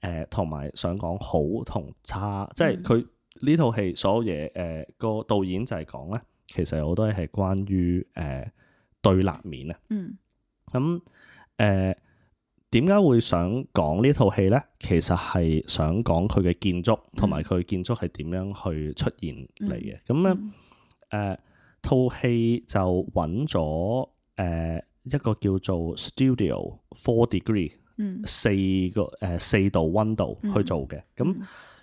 誒同埋想講好同差。即係佢呢套戲所有嘢誒個導演就係講咧，其實好多嘢係關於誒、呃、對立面啊。嗯，咁誒、嗯。嗯點解會想講呢套戲咧？其實係想講佢嘅建築同埋佢建築係點樣去出現嚟嘅。咁啊，誒套戲就揾咗誒一個叫做 Studio Four Degree，四、嗯、個誒四、呃、度溫度去做嘅。咁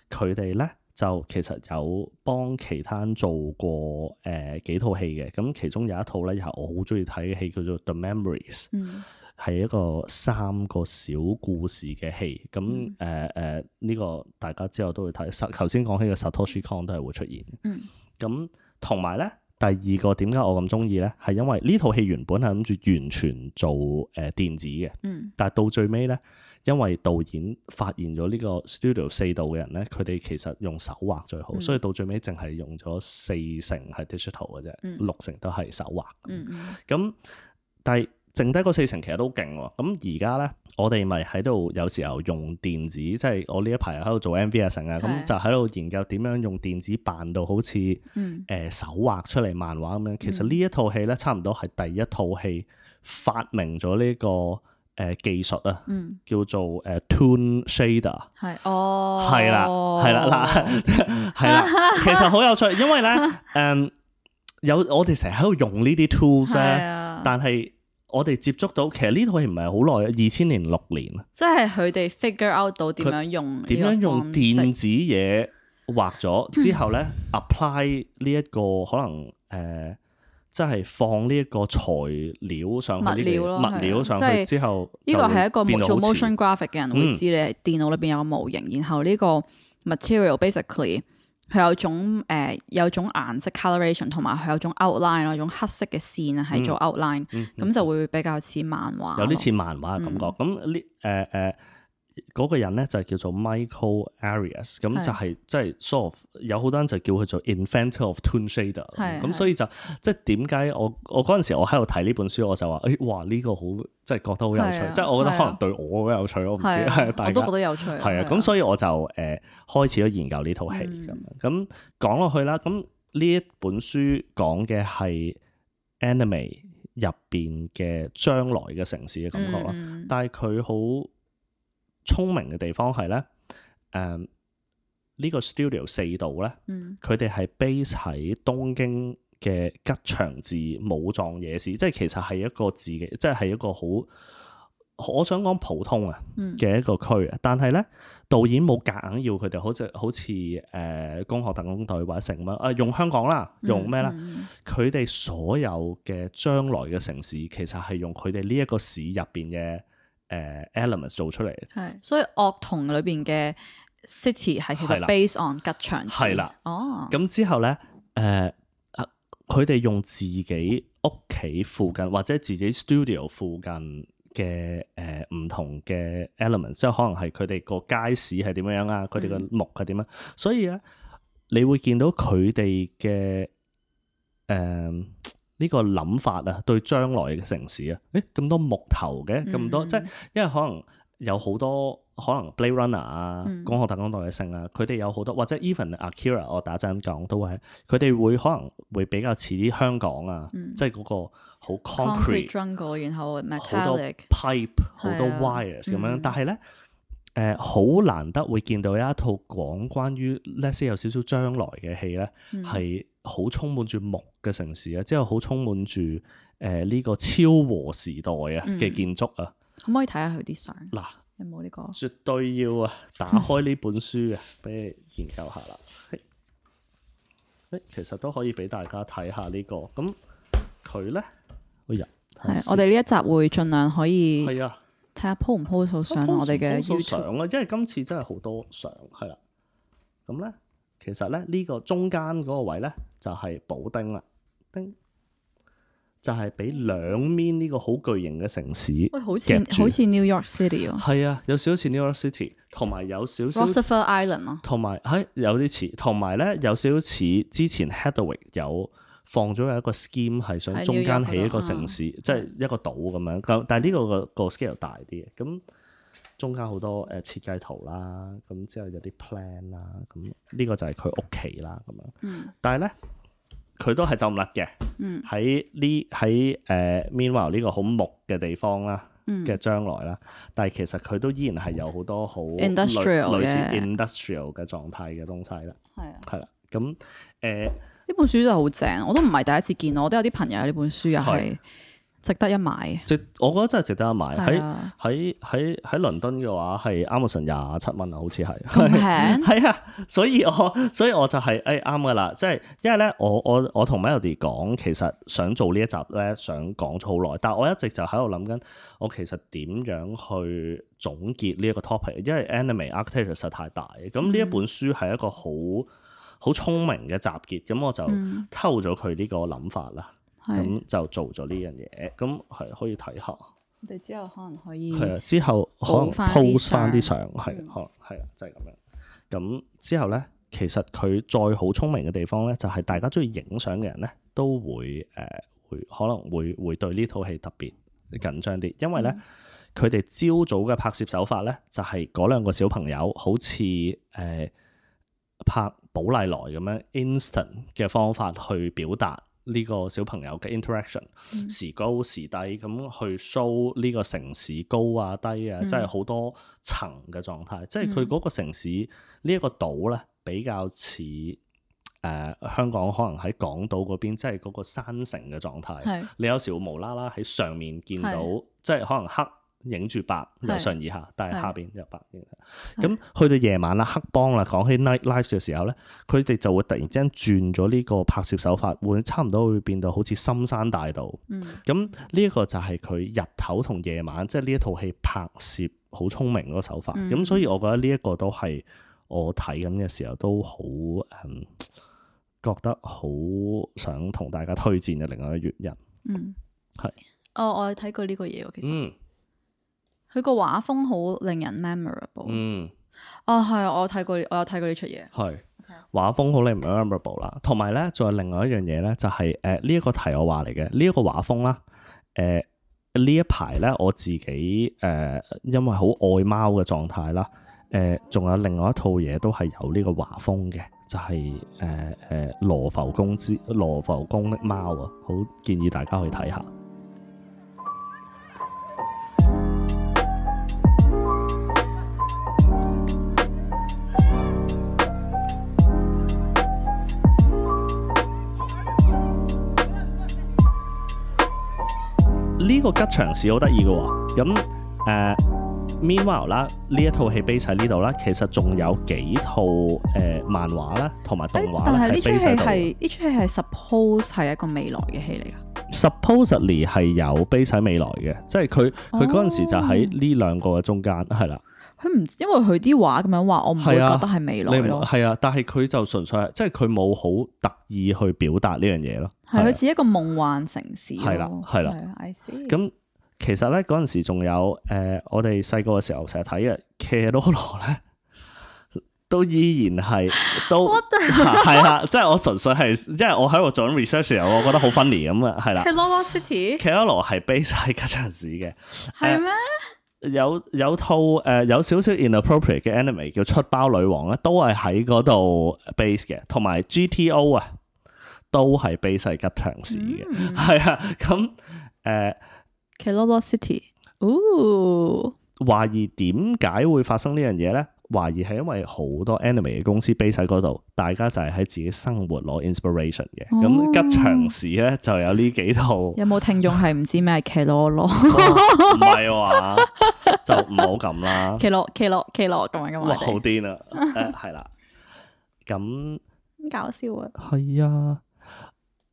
佢哋咧就其實有幫其他做過誒、呃、幾套戲嘅。咁其中有一套咧又係我好中意睇嘅戲，叫做 The Memories。嗯。係一個三個小故事嘅戲，咁誒誒呢個大家之後都會睇。頭先講起嘅 Satoshi Kon 都係會出現。嗯。咁同埋咧，第二個點解我咁中意咧？係因為呢套戲原本係諗住完全做誒電子嘅。嗯。但係到最尾咧，因為導演發現咗呢個 studio 四度嘅人咧，佢哋其實用手畫最好，嗯、所以到最尾淨係用咗四成係 digital 嘅啫，嗯、六成都係手畫。嗯嗯。咁、嗯，第、嗯嗯剩低嗰四成其實都勁喎，咁而家咧，我哋咪喺度有時候用電子，即係我呢一排喺度做 MV 成啊，咁的就喺度研究點樣用電子扮到好似誒、嗯呃、手畫出嚟漫畫咁樣。其實呢一套戲咧，差唔多係第一套戲發明咗呢、呢個誒、呃、技術啊，嗯、叫做誒 Toon Shader。係、呃、Sh 哦，係啦，係啦、嗯，係啦，其實好有趣，因為咧，誒、呃、有我哋成日喺度用呢啲 tools 咧，但係，我哋接觸到，其實呢套戲唔係好耐啊，二千零六年啊。即係佢哋 figure out 到點樣用點樣用電子嘢畫咗、嗯、之後咧，apply 呢、這、一個可能誒、呃，即係放呢一個材料上去物料,物料上去是之後，呢個係一個做 motion graphic 嘅人會知你電腦裏邊有個模型，嗯、然後呢個 material basically。佢有種誒、呃、有種顏色 colouration，同埋佢有種 outline 咯，有種黑色嘅線啊、嗯，係做 outline，咁就會比較似漫畫，有啲似漫畫嘅感覺。咁呢誒誒。嗰個人咧就係叫做 Michael Arias，咁就係、是、是的 即係 sort of 有好多人就叫佢做 inventor of Toon Shader，咁是的 所以就即係點解我我嗰陣時我喺度睇呢本書，我就話誒、哎、哇呢、這個好即係覺得好有趣，即係我覺得可能對我好有趣，我唔知係的大家都覺得有趣係啊，咁所以我就誒、呃、開始咗研究呢套戲咁樣。咁、嗯、講落去啦，咁呢一本書講嘅係 Anime 入邊嘅將來嘅城市嘅感覺啦，嗯、但係佢好。聰明嘅地方係咧，誒、嗯，這個，呢個 studio 四度咧，佢哋係 base 喺東京嘅吉祥寺武藏野市，即係其實係一個字嘅，即係一個好，我想講普通啊嘅一個區。嗯、但係咧，導演冇夾硬要佢哋，好似好似誒、呃，攻殼機動隊或者成咁啊，用香港啦，用咩咧？佢哋、嗯嗯、所有嘅將來嘅城市，嗯、其實係用佢哋呢一個市入邊嘅。誒、uh, elements 做出嚟，係所以惡童裏邊嘅 city 係其實 based 的 on 吉祥寺啦的哦。咁之後咧，誒佢哋用自己屋企附近或者自己 studio 附近嘅誒唔同嘅 elements，即係可能係佢哋個街市係點樣啊，佢哋個木係點樣啊，嗯、所以咧你會見到佢哋嘅嗯。呃呢個諗法啊，對將來嘅城市啊，誒咁多木頭嘅咁、嗯、多，即係因為可能有好多可能 Blade Runner 啊，攻、嗯、殼特工隊嘅性啊，佢哋有好多，或者 even Akira，我打陣講都係，佢哋會可能會比較似啲香港啊，嗯、即係嗰個好 concrete，嗯、con 然後好多 pipe，好、嗯、多 wires 咁樣，嗯、但係咧。誒，好、呃、難得會見到一有一套講關於呢些有少少將來嘅戲咧，係好、嗯、充滿住木嘅城市啊，之後，好充滿住誒呢個超和時代啊嘅建築啊。嗯、可唔可以睇下佢啲相？嗱嘍，有冇呢、這個？絕對要啊！打開呢本書啊，俾、嗯、你研究下啦。誒，其實都可以俾大家睇下呢、這個。咁佢咧，哎呀。係，我哋呢一集會盡量可以。係啊。睇下鋪唔鋪數相，看看我哋嘅預算啊！因為今次真係好多相係啦。咁咧，其實咧呢、這個中間嗰個位咧就係、是、補丁啦，丁就係、是、俾兩面呢個好巨型嘅城市。喂、欸，好似好似 New York City 啊！係啊，有少少似 New York City，同埋有，有少少 Island 咯、啊，同埋喺有啲似，同埋咧有少少似之前 Headway 有。放咗有一個 scheme 係想中間起、啊、一個城市，即係一個島咁樣。咁但係呢個個、啊嗯、個 scale 大啲嘅，咁中間好多誒設計圖啦，咁之後有啲 plan 啦、啊，咁、這、呢個就係佢屋企啦咁樣。但係咧佢都係走唔甩嘅。嗯，喺呢喺誒 meanwhile 呢個好木嘅地方啦，嘅將來啦，但係其實佢都依然係有好多好類似 industrial 嘅狀態嘅東西啦。係啊，係啦，咁誒。呢本書就好正，我都唔係第一次見，我都有啲朋友呢本書又係是值，值，值得一買。值我覺得真係值得一買。喺喺喺喺倫敦嘅話係 Amazon 廿七蚊啊，好似係。咁係是 啊，所以我所以我就係誒啱噶啦，即係因為咧，我我我同 Melody 講，其實想做呢一集咧，想講咗好耐，但係我一直就喺度諗緊，我其實點樣去總結呢一個 topic，因為 Anime Architecture 實太大，咁呢一本書係一個好。好聰明嘅集結，咁我就偷咗佢呢個諗法啦，咁、嗯、就做咗呢樣嘢，咁係可以睇下。我哋之後可能可以係啊，之後可能 po 翻啲相，相片，可能係啊，就係、是、咁樣。咁之後咧，其實佢再好聰明嘅地方咧，就係、是、大家中意影相嘅人咧，都會誒、呃，會可能會會對呢套戲特別緊張啲，因為咧佢哋朝早嘅拍攝手法咧，就係、是、嗰兩個小朋友好似誒。呃拍寶麗來咁樣 instant 嘅方法去表達呢個小朋友嘅 interaction，嗯、時高時低咁去 show 呢個城市高啊低啊，嗯、即係好多層嘅狀態。嗯、即係佢嗰個城市呢一、呢個島咧，比較似誒、呃、香港可能喺港島嗰邊，即係嗰個山城嘅狀態。是你有時會無啦啦喺上面見到，是即係可能黑。影住白由上而下，但係下邊又白影。咁、嗯、去到夜晚啦，黑幫啦，講起 night life 嘅時候咧，佢哋就會突然之間轉咗呢個拍攝手法，會差唔多會變到好似深山大道。咁呢一個就係佢日頭同夜晚，即係呢一套戲拍攝好聰明嗰個手法。咁、嗯嗯嗯、所以我覺得呢一個都係我睇緊嘅時候都好、嗯，覺得好想同大家推薦嘅另外一個原因。嗯，係是。哦，我有睇過呢個嘢，啊，其實。嗯佢個畫風好令人 memorable。嗯，啊係、哦，我睇過，我有睇過呢出嘢。係畫風好令人 memorable 啦。同埋咧，仲有另外一樣嘢咧，就係誒呢一個題我、這個、話嚟嘅呢一個畫風啦。誒呢一排咧，我自己誒、呃、因為好愛貓嘅狀態啦。誒、呃、仲有另外一套嘢都係有呢個畫風嘅，就係誒誒羅浮宮之羅浮宮的貓啊，好建議大家去睇下。呢個吉祥事好得意嘅喎，咁誒、呃、meanwhile 啦，呢一套戲悲 a 喺呢度啦，其實仲有幾套誒、呃、漫畫啦，同埋動畫，但係呢出戲係呢出戲係 suppose 係一個未來嘅戲嚟㗎。Supposedly 係有悲 a 未來嘅，即係佢佢嗰陣時就喺呢兩個嘅中間係啦。哦。佢唔，因為佢啲畫咁樣話，我唔會覺得係未來係啊，啊，但係佢就純粹，即係佢冇好特意去表達呢樣嘢咯。係佢似一個夢幻城市。係啦、啊，係啦、啊。咁、啊嗯、其實咧嗰陣時仲有，誒、呃，我哋細個嘅時候成日睇嘅《k e r o 咧，都依然係都係啦。即係、啊就是、我純粹係，因為我喺度做緊 research 時我覺得好 funny 咁啊。係啦。係 l o City 基斯基斯斯。k e r 係 base 喺吉昌市嘅。係咩、啊？ 有有套誒、呃、有少少 inappropriate 嘅 anime 叫出包女王咧，都係喺嗰度 base 嘅，同埋 GTO 啊，都係 base 喺吉祥市嘅，係、嗯、啊，咁誒。Keroro City，哦，懷疑點解會發生呢樣嘢咧？懷疑係因為好多 anime 嘅公司 base 喺嗰度，大家就係喺自己生活攞 inspiration 嘅。咁、哦、吉祥市咧就有呢幾套。有冇聽眾係唔知咩係 Keroro？唔係話。 就唔好咁啦，騎落騎落，騎落。咁樣咁樣，哇好癲啊！誒係啦，咁咁搞笑啊！係啊，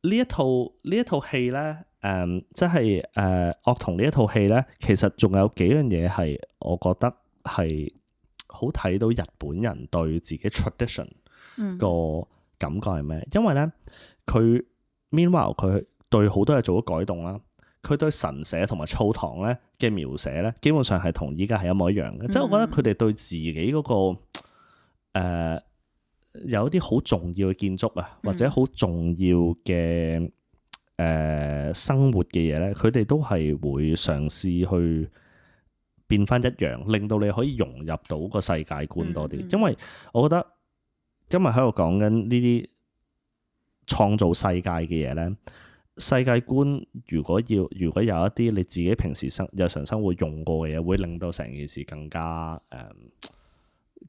呢一套呢一套戲咧，誒即係誒惡童呢一套戲咧，其實仲有幾樣嘢係我覺得係好睇到日本人對自己 tradition 個感覺係咩？嗯、因為咧佢 meanwhile 佢對好多嘢做咗改動啦。佢對神社同埋澡堂咧嘅描寫咧，基本上係同依家係一模一樣嘅。即係、嗯、我覺得佢哋對自己嗰、嗰個、呃、有一啲好重要嘅建築啊，或者好重要嘅誒、呃、生活嘅嘢咧，佢哋都係會嘗試去變翻一樣，令到你可以融入到個世界觀多啲。嗯嗯、因為我覺得今日喺度講緊呢啲創造世界嘅嘢咧。世界觀，如果要，如果有一啲你自己平時生日常生活用過嘅嘢，會令到成件事更加誒，um,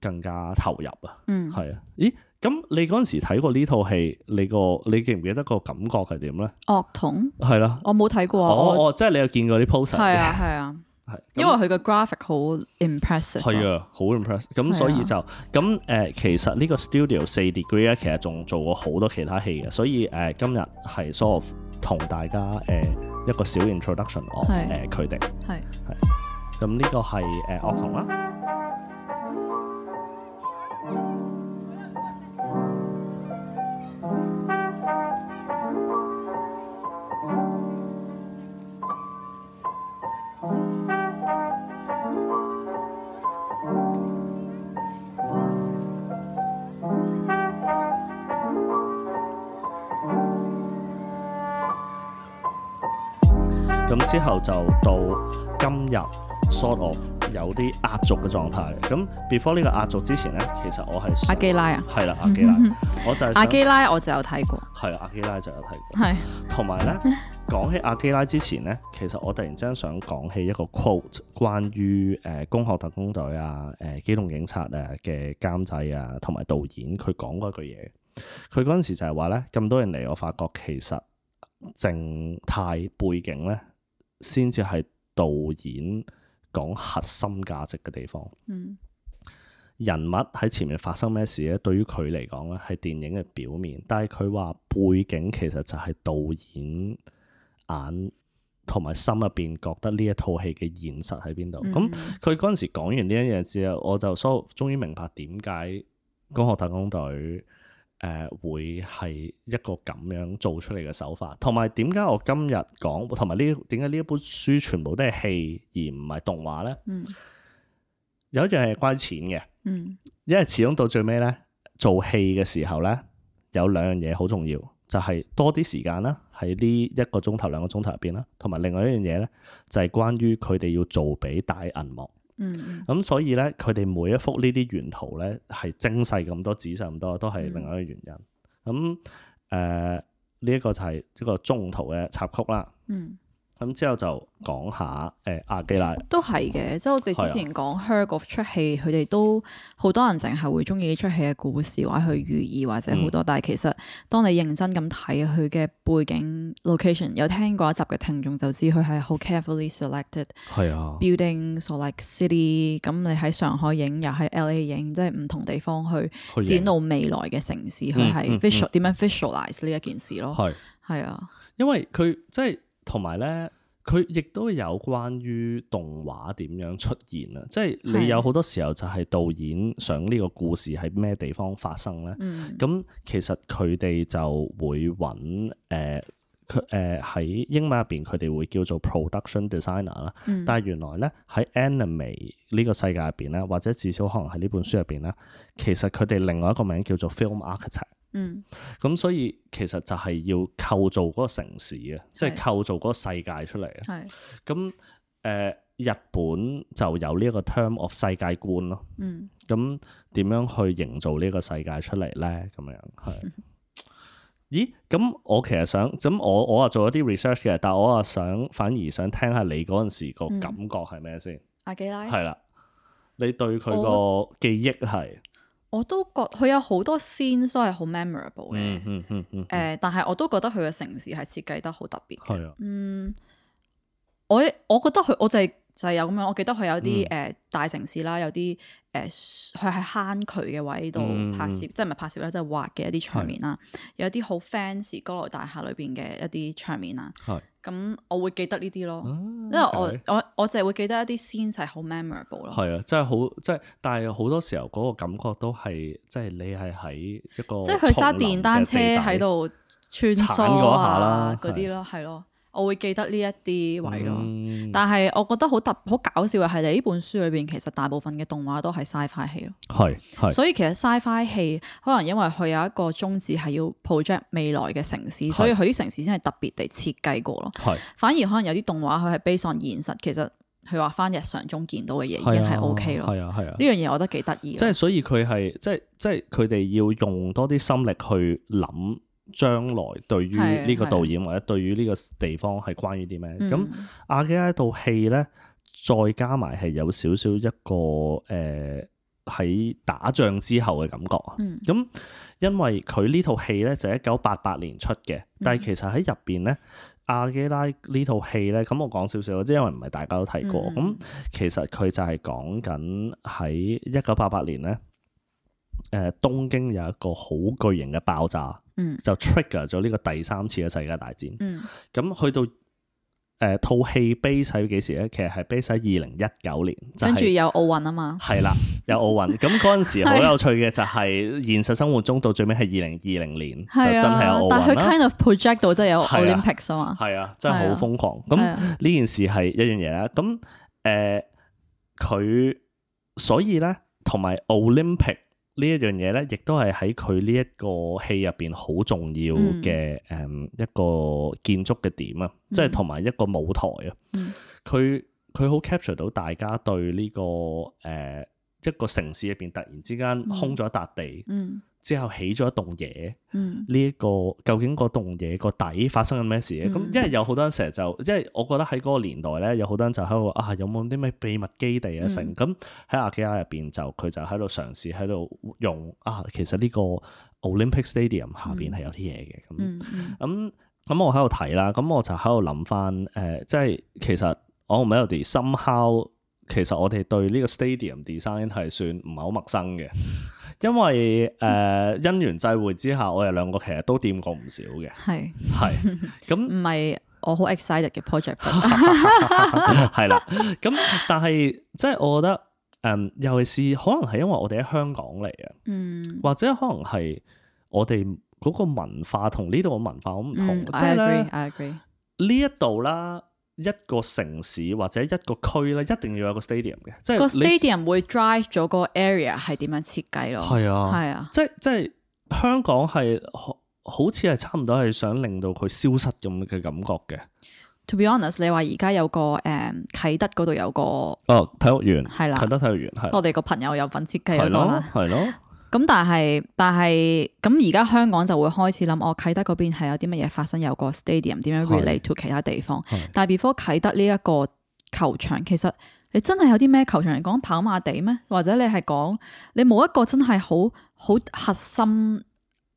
更加投入啊。嗯，係啊。咦，咁你嗰陣時睇過呢套戲，你個你，你記唔記得個感覺係點咧？惡童係啦，的我冇睇過。我哦，我即係你有見過啲 poster。係啊係啊，係、啊、 的因為佢嘅 graphic 好 impressive。係啊，好 impressive。咁所以就咁誒的、嗯，其實呢個 Studio 四 degree 咧，其實仲做過好多其他戲嘅。所以誒、呃，今日係 sort of。同大家誒、呃、一個小 introduction，誒佢哋係係咁，呢個係誒、呃、惡童啦，啊。咁之後就到今日，sort of 有啲壓軸嘅狀態。咁 before 呢個壓軸之前咧，其實我係阿基拉啊，係啦，阿基拉，嗯嗯嗯我就係阿基拉，我就有睇過。係阿基拉就有睇過。係的。同埋咧， 講起阿基拉之前咧，其實我突然之間想講起一個 quote，關於誒攻殼特工隊啊、誒機動警察啊嘅監製啊同埋導演，佢講過一句嘢。佢嗰陣時就係話咧，咁多人嚟，我發覺其實靜態背景咧，先至係導演講核心價值嘅地方。嗯、人物喺前面發生咩事咧？對於佢嚟講咧，係電影嘅表面。但係佢話背景其實就係導演眼同埋心入邊覺得呢一套戲嘅現實喺邊度。咁佢嗰陣時講完呢一樣嘢之後，我就收終於明白點解《攻殼特工隊》。誒、呃、會係一個咁樣做出嚟嘅手法，同埋點解我今日講，同埋呢點解呢一本書全部都係戲而唔係動畫咧？嗯、有一樣係關錢嘅，嗯、因為始終到最尾咧，做戲嘅時候咧，有兩樣嘢好重要，就係、係、多啲時間啦，喺呢一個鐘頭兩個鐘頭入邊啦，同埋另外一樣嘢咧，就係、係、關於佢哋要做俾大銀幕。嗯，咁、嗯、所以咧，佢哋每一幅呢啲原圖咧，係精細咁多、仔細咁多，都係另外一個原因。咁誒、嗯，呢一、嗯呃這個就係一個中途嘅插曲啦。嗯。咁之後就講下誒阿基拉，都係嘅。即係我哋、嗯、 之前講《Her》嗰出戲，佢哋都好多人淨係會中意呢出戲嘅故事或，或者佢寓意或者好多。但係其實當你認真咁睇佢嘅背景 location，有聽過一集嘅聽眾就知佢係好 carefully selected 係啊 buildings，select city。咁 你喺上海影又喺 LA 影、呃，即係唔同地方去展露未來嘅城市，佢係 visual 點樣 visualize 呢一件事咯。係係啊，因為佢即係。 同埋咧，佢亦都有關於動畫點樣出現啊！即係你有好多時候就係導演想呢個故事喺咩地方發生咧。咁、嗯、其實佢哋就會揾誒佢誒喺英文入邊佢哋會叫做 production designer 啦、嗯。但係原來咧喺 anime 呢個世界入邊咧，或者至少可能喺呢本書入邊咧，其實佢哋另外一個名叫做 film architect。嗯，咁所以其實就係要構造嗰個城市啊，即係構造嗰個世界出嚟啊。係，咁誒日本就有呢一個 term of 世界觀咯。嗯，咁點樣去營造呢個世界出嚟咧？咁樣係。嗯，咦？咁我其實想，咁我我啊做咗啲 research 嘅，但係我啊想反而想聽下你嗰陣時個感覺係咩先？阿基拉？係啦，你對佢個記憶係。我都覺佢有好多 scene，所以好 memorable 嘅。誒，但係我都覺得佢嘅城市係設計得好特別嘅。嗯，嗯呃、我覺是的 嗯我，我覺得佢我就係。就係有咁樣，我記得佢有啲誒、嗯呃、大城市啦，有啲誒佢喺峯區嘅位度拍、嗯、拍攝，即係唔係拍攝咧，即係畫嘅一啲場面啦。是有啲好 fancy 高樓大廈裏邊嘅一啲場面啦。係是。咁我會記得呢啲咯，嗯、因為我的我我就係會記得一啲先 c 好 memorable 咯。係啊，即係好即係，但係好多時候嗰個感覺都係即係你係喺一個。即係佢揸電單車喺度穿梭啦、啊，嗰啲咯，係咯。我會記得呢一啲位咯，嗯、但係我覺得好特好搞笑嘅係，你呢本書裏邊其實大部分嘅動畫都係 Sci-Fi 戲咯。係，所以其實 Sci-Fi 戲可能因為佢有一個宗旨係要 project 未來嘅城市，所以佢啲城市先係特別地設計過咯。係。反而可能有啲動畫佢係 base on 現實，其實佢話翻日常中見到嘅嘢已經係 OK 咯。係啊係啊，呢、啊啊、樣嘢我覺得幾得意。即係所以佢係即係即係佢哋要用多啲心力去諗。將來對於呢個導演或者對於呢個地方係關於啲咩？咁、嗯、阿基拉套戲咧，再加埋係有少少一個誒喺、呃、打仗之後嘅感覺啊。咁、嗯、因為佢呢套戲咧就係一九八八年出嘅，但係其實喺入邊咧，阿基拉呢套戲咧，咁我講少少，即係因為唔係大家都睇過咁，嗯、其實佢就係講緊喺一九八八年咧，誒、呃、東京有一個好巨型嘅爆炸。嗯，就 trigger 咗呢個第三次嘅世界大戰。嗯，咁、嗯、去到誒套戲 base 喺幾時咧？其實係 base 喺二零一九年，跟、就、住、是、有奧運啊嘛。係啦，有奧運。咁嗰陣時好有趣嘅就係現實生活中到最尾係二零二零年 就真係有奧運，但佢 kind of project 到真係有 Olympics 啊嘛。係啊，啊，真係好瘋狂。咁呢 件事係一樣嘢啦。咁誒，佢、呃、所以咧同埋 Olympic。呢一樣嘢咧，亦都係喺佢呢一個戲入邊好重要嘅誒、嗯嗯、一個建築嘅點啊，嗯、即係同埋一個舞台啊。佢佢好、嗯、capture 到大家對呢、這個誒、呃、一個城市入邊突然之間空咗一笪地。嗯嗯之後起咗一棟嘢，呢一、嗯呢個究竟嗰棟嘢個底發生緊咩事咧？咁、嗯、因為有好多人成日就，即係我覺得喺嗰個年代咧，有好多人就喺度啊，有冇啲咩秘密基地啊成？咁喺阿基拉入邊就佢就喺度嘗試喺度用啊，其實呢個 Olympic Stadium 下邊係有啲嘢嘅咁咁咁，我喺度睇啦，咁我就喺度諗翻誒，即係其實我唔係喺度深敲。其實我哋對呢個 stadium design 係算唔係好陌生嘅，因為誒因緣際會之下，我哋兩個其實都掂過唔少嘅。係係咁唔係我好 excited 嘅 project，係啦。咁但係即係我覺得誒、嗯，尤其是可能係因為我哋喺香港嚟嘅，嗯，或者可能係我哋嗰個文化同呢度嘅文化好唔同。即係咧，I agree, I agree. 呢。呢一度啦。一個城市或者一個區咧，一定要有個 stadium 嘅，即係個 stadium 會 drive 咗個 area 係點樣設計咯。係啊，係啊，即係即係香港係好好似係差唔多係想令到佢消失咁嘅感覺嘅。To be honest，你話而家有個誒啟、嗯、德嗰度有個哦體育園係啦，啟、啊、德體育園係。啊、我哋個朋友有份設計一個啦，係咯、啊。咁但係，但係咁而家香港就會開始諗，我、哦、啟德嗰邊係有啲乜嘢發生？有個 stadium 點樣 relate to 其他地方？的但係 before 啟德呢一個球場，其實你真係有啲咩球場嚟講跑馬地咩？或者你係講你冇一個真係好好核心？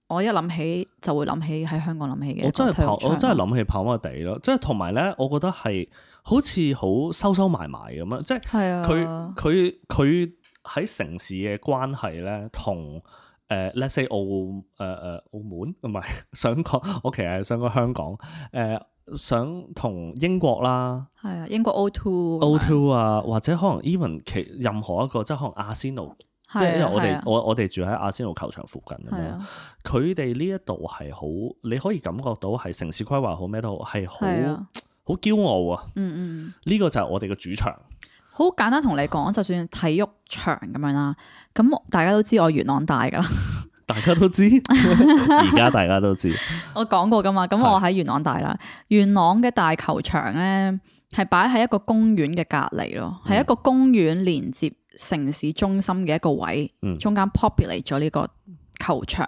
我一諗起就會諗起喺香港諗起嘅。我真係我真係諗起跑馬地咯。即係同埋咧，我覺得係好似好收收埋埋咁樣！即係佢佢佢。的喺城市嘅關係咧，同誒、呃、let's say 澳誒誒、呃、澳門，唔係想講，OK 啊，其實想講香港誒、呃，想同英國啦，係啊，英國 O two O two 啊，或者可能 even 其任何一個即係可能阿仙奴，即係因為我哋的我我哋住喺阿仙奴球場附近咁樣，佢哋呢一度係好，你可以感覺到係城市規劃好咩都係好好驕傲啊，嗯嗯，呢、這個就係我哋嘅主場。好簡單同你講，就算體育場咁樣啦，咁大家都知我元朗大噶啦，大家都知，而 家 大家都知， 我講過噶嘛，咁我喺元朗大啦，元朗嘅大球場咧係擺喺一個公園嘅隔離咯，係一個公園連接城市中心嘅一個位，嗯、中間 populate 咗呢個球場，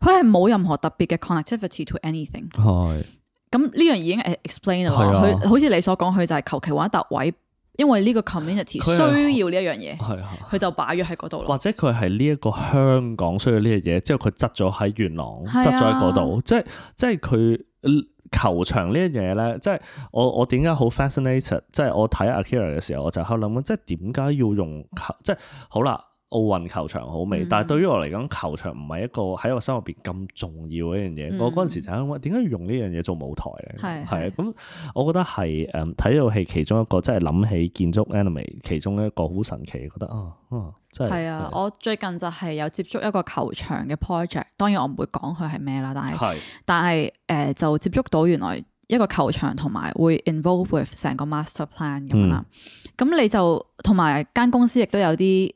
佢係冇任何特別嘅 connectivity to anything，係，咁呢是樣已經 explain 咗啦，佢、啊、好似你所講，佢就係求其玩一笪位。因為呢個 community 需要呢一樣嘢，佢係就擺咗喺嗰度啦。或者佢係呢一個香港需要呢樣嘢，之後佢執咗喺元朗，執咗喺嗰度。即係即係佢球場呢一樣嘢咧。即係我我點解好 fascinated？即係我睇 Akira 嘅時候，我就喺度諗緊，即係點解要用球？即係好啦。奧運球場好美，嗯、但係對於我嚟講，球場唔係一個喺我心入邊咁重要嘅一樣嘢。嗯、我嗰陣時就諗，點解要用呢樣嘢做舞台咧？係咁的，的我覺得係誒，睇到係其中一個，真係諗起建築 anime 其中一個好神奇，覺得啊，啊，真係。係啊，我最近就係有接觸一個球場嘅 project，當然我唔會講佢係咩啦，但係的但係誒、呃，就接觸到原來一個球場同埋會 involve with 成個 master plan 咁樣啦。咁、嗯、你就同埋間公司亦都有啲。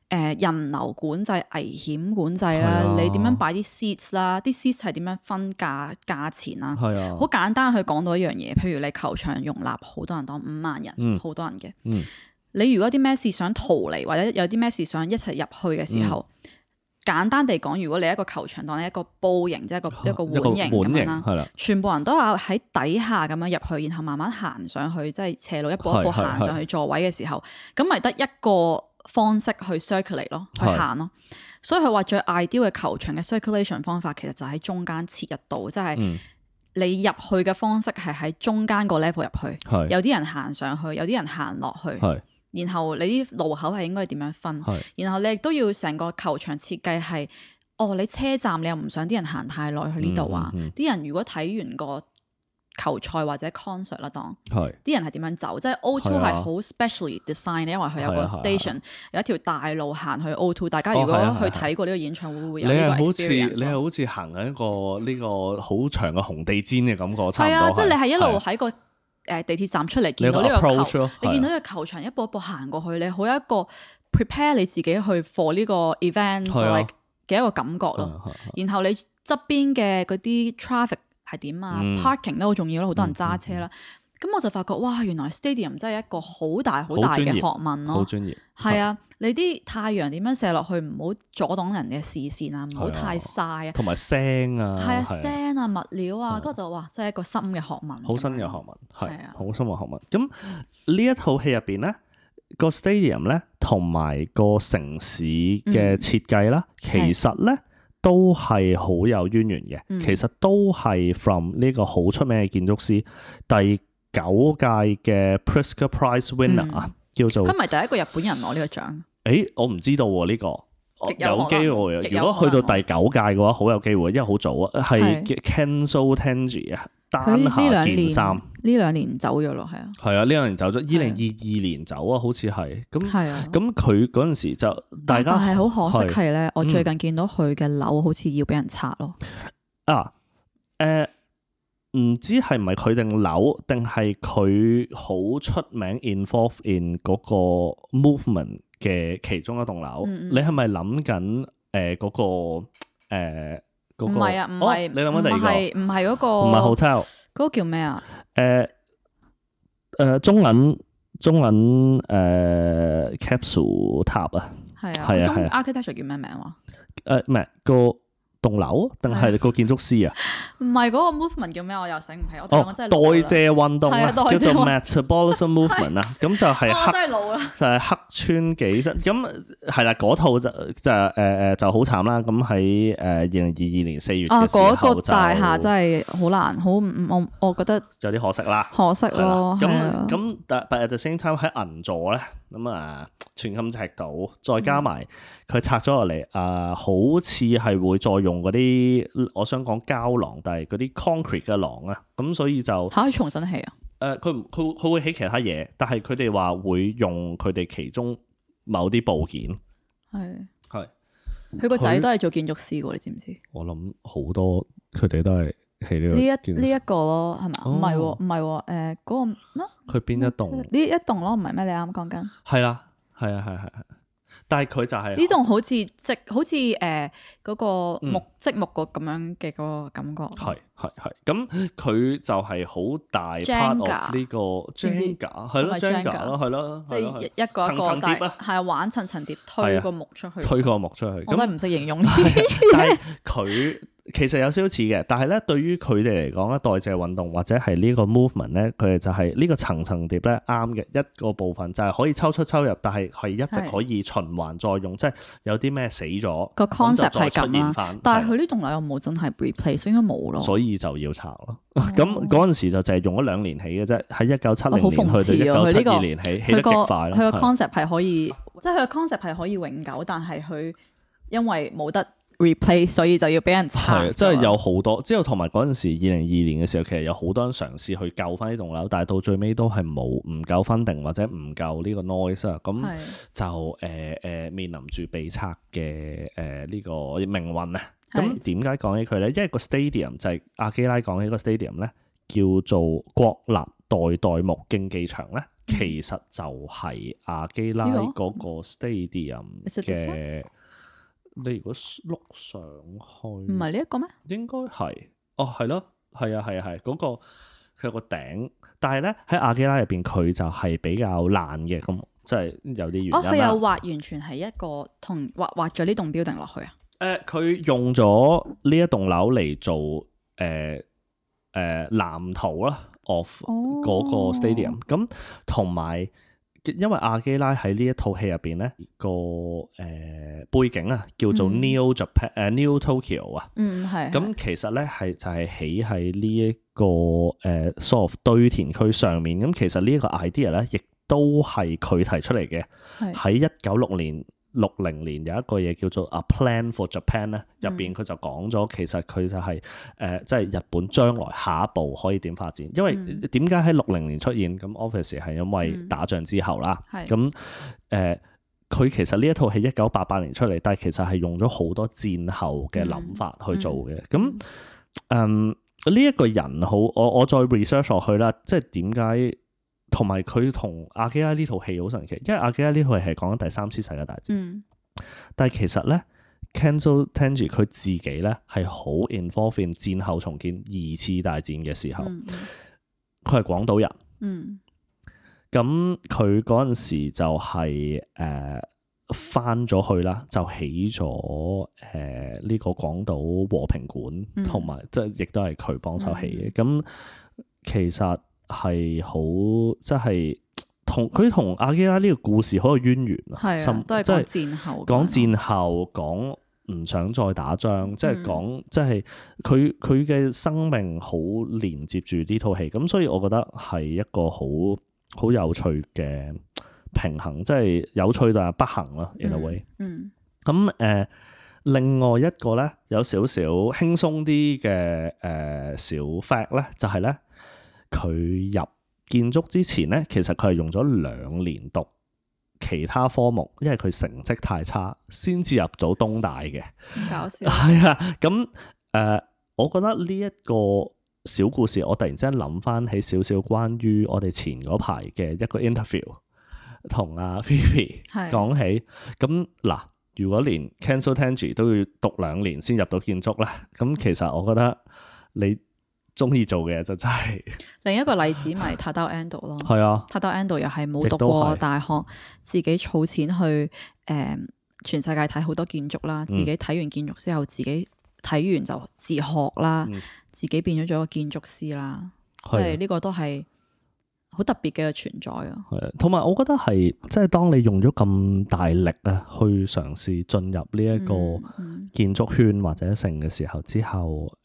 呃、人流管制、危險管制啦，啊、你點樣擺啲 seats 啦？啲 seats 係點樣分價價錢啊？好簡單去講到一樣嘢，譬如你球場容納好多人，當五萬人，好、嗯、多人嘅。嗯、你如果啲咩事想逃離，或者有啲咩事想一齊入去嘅時候，嗯、簡單地講，如果你一個球場當你一個煲形，即、就、係、是、一個、嗯、一個碗形咁樣啦，啊、全部人都有喺底下咁樣入去，然後慢慢行上去，即、就、係、是、斜路一步一步行上去座位嘅時候，咁咪得一個。方式去 circulate 咯，去行咯，所以佢話最 ideal 嘅球場嘅 circulation 方法，其實就喺中間切入到，嗯、即係你入去嘅方式係喺中間個 level 入去，是有啲人行上去，有啲人行落去，是然後你啲路口係應該點樣分，是然後你亦都要成個球場設計係，是哦，你車站你又唔想啲人行太耐去呢度啊，啲、嗯嗯嗯、人如果睇完個。球賽或者 concert 啦，當啲人係點樣走？即係 O2 係好 specially design 嘅，因為佢有個 station，有一條大路行去 O2。大家如果去睇過呢個演唱會，會有呢個。你好似你係好似行緊一個呢個好長嘅紅地氈嘅感覺，差唔多。係啊，即係你係一路喺個誒地鐵站出嚟，見到呢個球，你見到呢個球場一步一步行過去，你好有一個 prepare 你自己去 for 呢個 event 嘅一個感覺咯。然後你側邊嘅嗰啲 traffic。係點啊？parking 都好重要啦，好多人揸車啦。咁我就發覺，哇，原來 stadium 真係一個好大好大嘅學問咯。好專業，係啊，你啲太陽點樣射落去，唔好阻擋人嘅視線啊，唔好太曬啊，同埋聲啊，係啊，聲啊，物料啊，嗰個就哇，真係一個深嘅學問，好深嘅學問，係啊，好深嘅學問。咁呢一套戲入邊咧，個 stadium 咧，同埋個城市嘅設計啦，其實咧。都係好有淵源嘅，其實都係 from 呢個好出名嘅建築師，第九屆嘅 Pritzker Prize Winner 啊、嗯，叫做。佢唔係第一個日本人攞呢個獎。誒、欸，我唔知道喎、啊、呢、這個，有，有機會。如果去到第九屆嘅話，好有，有機會，因為好早啊，係 Kenzo Tange 啊。佢呢兩年呢兩衫年，年走咗咯，係啊，係啊，呢兩年走咗，二零二二年走啊，好似係咁。係啊，咁佢嗰陣時就大家，但係好可惜係咧，啊、我最近見到佢嘅樓好似要俾人拆咯、嗯。啊，誒、呃，唔知係唔係佢定樓，定係佢好出名 involved in 嗰個 movement 嘅其中一棟樓，嗯嗯，你係咪諗緊誒嗰個、呃唔係、那個、啊，唔係，唔係、哦，你諗緊第幾個？唔係嗰個，唔係 hotel，嗰、那個、個叫咩啊？誒誒、呃呃，中銀中銀、呃、誒，Capsule Tower 啊，係啊，是啊。architecture 叫咩名話、啊？誒、呃，唔係、那個。棟樓定係個建築師啊？唔係嗰個 movement 叫咩？我又醒唔起。我，我、哦、代謝運動，謝運動叫做 metabolism movement 對 啊。咁就係黑川，真係老就係黑川紀章。咁係啦，嗰套就就誒誒、呃、就好慘啦。咁喺誒二零二二年四月嘅時候啊，一個大廈真係好難，好唔，我我覺得有啲可惜啦。可惜咯。咁咁但係 at the same time 喺銀座咧。咁啊，全金尺到，再加埋佢、嗯、拆咗落嚟，啊、呃，好似係會再用嗰啲，我想講膠囊，但係嗰啲 concrete 嘅囊啊，咁、嗯、所以就嚇可以重新起啊！誒、啊，佢佢佢會起其他嘢，但係佢哋話會用佢哋其中某啲部件，係係佢個仔都係做建築師嘅，你知唔知？我諗好多佢哋都係起呢一呢一個咯，係嘛？唔係喎，唔係喎，誒咩、哦？呃嗰個去邊一棟？呢一棟咯，唔係咩？你啱啱講緊係啦，係啊，係係係，但係佢就係呢棟好似積，好似誒嗰個木積木個咁樣嘅個感覺。係係係，咁佢就係好大 part of 呢個 Jenga，係咯 Jenga，係咯，即係一個一個疊，係玩層層疊，推個木出去，推個木出去，我都唔識形容但呢，佢。其實有少少似嘅，但係咧，對於佢哋嚟講咧，代謝運動或者係呢個 movement 咧，佢哋就係呢個層層疊咧啱嘅一個部分，就係可以抽出抽入，但係係一直可以循環再用，的即係有啲咩死咗個 concept 係咁啦。的但係佢呢棟樓又冇真係 replace？應該冇咯，所以就要拆咯。咁嗰陣時就淨係用咗兩年起嘅啫，喺一九七零年去到一九七二年起，起得極快咯。佢呢個 concept 係可以，即係佢個 concept 係可以永久，但係佢因為冇得 replace 所以就要俾人拆，即係、就是、有好多之後同埋嗰陣時二零二二年嘅時候，其實有好多人嘗試去救翻呢棟樓，但係到最尾都係冇唔夠 funding，或者唔夠呢個 noise，咁、啊、是就誒誒、呃呃、面臨住被拆嘅誒呢個命運啊！咁點解講起佢咧？因為個 stadium 就係阿基拉講起個 stadium 咧，叫做國立代代木競技場咧，其實就係阿基拉嗰個 stadium 嘅。你如果碌上去，唔係呢一個咩？應該係，哦，係咯，係啊，係啊，係嗰、啊啊啊嗰個佢有個頂，但係咧喺阿基拉入邊佢就係比較爛嘅，咁即係有啲原因、啊。佢有、哦、畫完全係一個同畫畫咗呢棟標定落去啊？誒、呃，佢用咗呢一棟樓嚟做誒誒、呃呃、藍圖啦，of 嗰個 stadium，咁同埋。因為阿基拉喺呢一套戲入邊咧，個誒、呃、背景啊，叫做 Neo Japan 誒 New Tokyo 啊，啊嗯係，咁、嗯、其實咧係就係、係、起喺呢一個誒 soft 堆填區上面，咁、嗯、其實呢一個 idea 咧，亦都係佢提出嚟嘅，喺一九六年。六零年有一個嘢叫做 A Plan for Japan 咧，入邊佢就講咗，其實佢就係、是、誒，即、呃、係、就是、日本將來下一步可以點發展。因為點解喺六零年出現咁 Office 係因為打仗之後啦，咁誒佢其實呢一套係一九八八年出嚟，但係其實係用咗好多戰後嘅諗法去做嘅。咁嗯呢一、嗯嗯呢個人好，我我再 research 落去啦，即係點解？同埋佢同《阿基拉》呢套戲好神奇，因為《阿基拉》呢套戲係講緊第三次世界大戰。嗯、但係其實咧 Kenzo Tange 佢自己咧係好 involving 戰後重建二次大戰嘅時候，佢係、嗯、廣島人。嗯，咁佢嗰陣時就係誒翻咗去啦，就起咗誒呢個廣島和平館，同埋、嗯、即係亦都係佢幫手起嘅。咁、嗯、其實。係好，即係同佢同阿基拉呢個故事好有淵源啊！係啊，都係講戰，戰後，講戰後，講唔想再打仗，嗯、即係講，即係佢佢嘅生命好連接住呢套戲。咁所以我覺得係一個好好有趣嘅平衡，即係有趣但係不幸啦。In a way，嗯，咁、嗯、誒、呃，另外一個咧有少少輕鬆啲嘅誒小 fact 咧，就係、是、咧。佢入建築之前咧，其實佢係用咗兩年讀其他科目，因為佢成績太差，先至入到東大嘅。搞笑係啊，咁誒、 呃，我覺得呢一個小故事，我突然之間諗翻起少少關於我哋前嗰排嘅一個 interview，同阿、啊、Phoebe 講起。咁嗱的， 如果連 Kenzo Tange 都要讀兩年先入到建築咧，咁其實我覺得你。中意做嘅就真、是、係。另一個例子咪 Tadao Ando 咯，係啊 Tadao Ando 又係冇讀過大學，是自己儲錢去誒、呃、全世界睇好多建築啦，嗯、自己睇完建築之後，自己睇完就自學啦，嗯、自己變咗做個建築師啦，即係呢個都係好特別嘅存在啊。係同埋我覺得係即係當你用咗咁大力啊去嘗試進入呢一個建築圈或者成嘅時候之後。嗯嗯嗯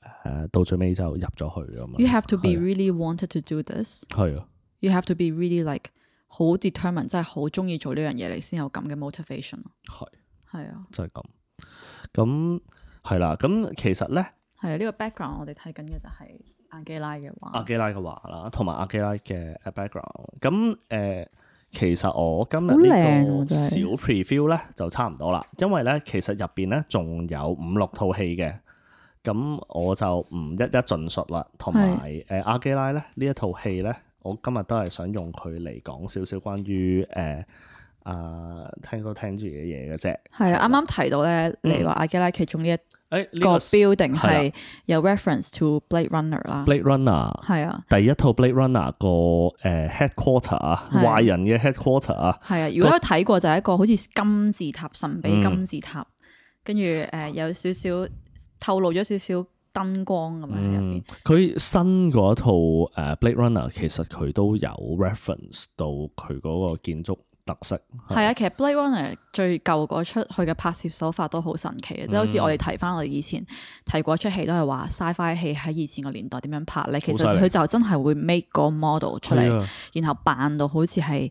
誒，到最尾就入咗去咁嘛 You have to be really wanted to do this 對。係啊。You have to be really like 好 determined 真，即係好中意做呢樣嘢你先有咁嘅 motivation 咯對。係係啊，就係咁。咁係啦，咁其實咧，係啊，呢、這個 background 我哋睇緊嘅就係阿基拉嘅話，阿基拉嘅話啦，同埋阿基拉嘅 background。咁誒、呃，其實我今日呢個小 preview 咧、啊、就差唔多啦，因為咧其實入邊咧仲有五六套戲嘅。咁我就唔一一盡述啦，同埋誒阿基拉咧呢一套戲咧，我今日都係想用佢嚟講少少關於誒阿聽都聽住嘅嘢嘅啫。係、呃、啊，啱啱、啊、提到咧、嗯，你話阿基拉其中呢一個 building 係有 reference to Blade Runner 啦、啊、Blade Runner 係啊，第一套 Blade Runner 個誒、呃、headquarter 啊，壞人嘅 headquarter 啊，係啊，如果睇過就係一個好似金字塔，神秘金字塔，跟住誒有少少，少。透露咗少少燈光咁樣。入、嗯、面佢新嗰套誒《Blade Runner》，其實佢都有 reference 到佢嗰個建築特色。係啊，其實《Blade Runner》最舊嗰出佢嘅拍攝手法都好神奇嘅，嗯、即係好似我哋提翻我哋以前提過出戲，都係話 sci-fi 戲喺以前個年代點樣拍咧。其實佢就，就真係會 make 個 model 出嚟，的然後扮到好似係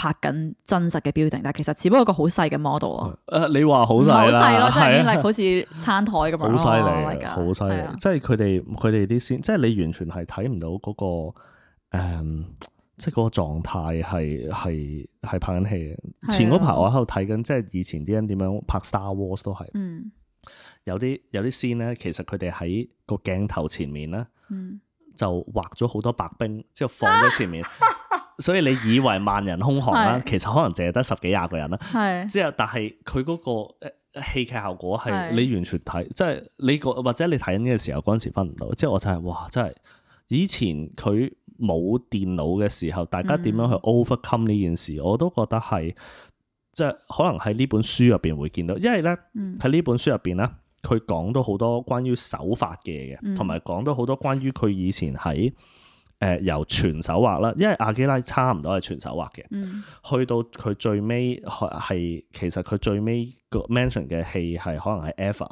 拍緊真實嘅 building，但其實只不過個好細嘅 model 啊！誒，你話、啊、好細好細咯，即係好似餐台咁啊！好犀利好犀利！即係佢哋佢哋啲先，即係你完全係睇唔到嗰，誒即係嗰個狀態係係拍緊戲嘅。前嗰排我喺度睇緊，即係，啊、以前啲人點樣拍 Star Wars 都係，嗯，有啲有啲先咧，其實佢哋喺個鏡頭前面咧，嗯、就畫咗好多白兵之後放咗前面.。 所以你以為萬人空巷啦，是其實可能淨係得十幾廿個人啦。係之後，但係佢嗰個戲劇效果係你完全睇，即係是你個或者你睇緊嘅時候嗰陣時分唔到。即、就、後、是、我就係哇，真係以前佢冇電腦嘅時候，大家點樣去 overcome 呢、嗯、件事，我都覺得係即係可能喺呢本書入邊會見到，因為咧喺呢、嗯、本書入邊咧，佢講到好多關於手法嘅嘅，同埋講到好多關於佢以前喺。誒、呃、由全手畫啦，因為阿基拉差唔多係全手畫嘅，嗯、去到佢最尾係其實佢最尾個 mention 嘅戲係可能係 Eva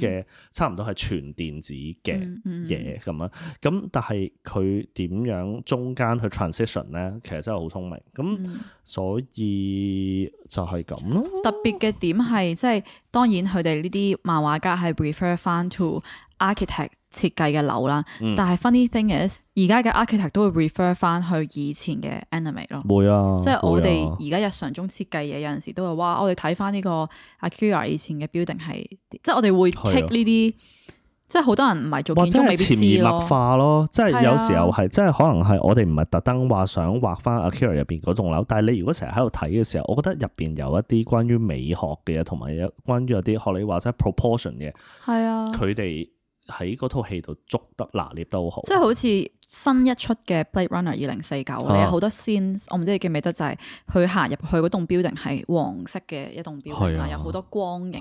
嘅，嗯、差唔多係全電子嘅嘢咁樣。咁但係佢點樣中間去 transition 咧？其實真係好聰明。咁、嗯嗯、所以就係咁咯。特別嘅點係即係當然佢哋呢啲漫畫家係 refer 翻 to。architect 設計嘅樓啦，但係 funny thing is 而家嘅 architect 都會 refer 翻去以前嘅 anime 咯。會啊，即係我哋而家日常中設計嘢，啊、有陣時都話哇，我哋睇翻呢個 Akira 以前嘅 building 係，即係我哋會 take 呢啲，啊、即係好多人唔係做建築，未必然咯。即係有時候係，啊、即係可能係我哋唔係特登話想畫翻 Akira 入邊嗰棟樓，但係你如果成日喺度睇嘅時候，我覺得入邊有一啲關於美學嘅同埋有關於有啲學你話齋 proportion 嘅，係啊，佢哋。喺嗰套戲度捉得拿捏得好好，即係好似。新一出嘅 Blade Runner 二零四九，你有好多 scene，我唔知你記唔記得就係佢行入去嗰棟 building 係黃色嘅一棟 building，有好多光影，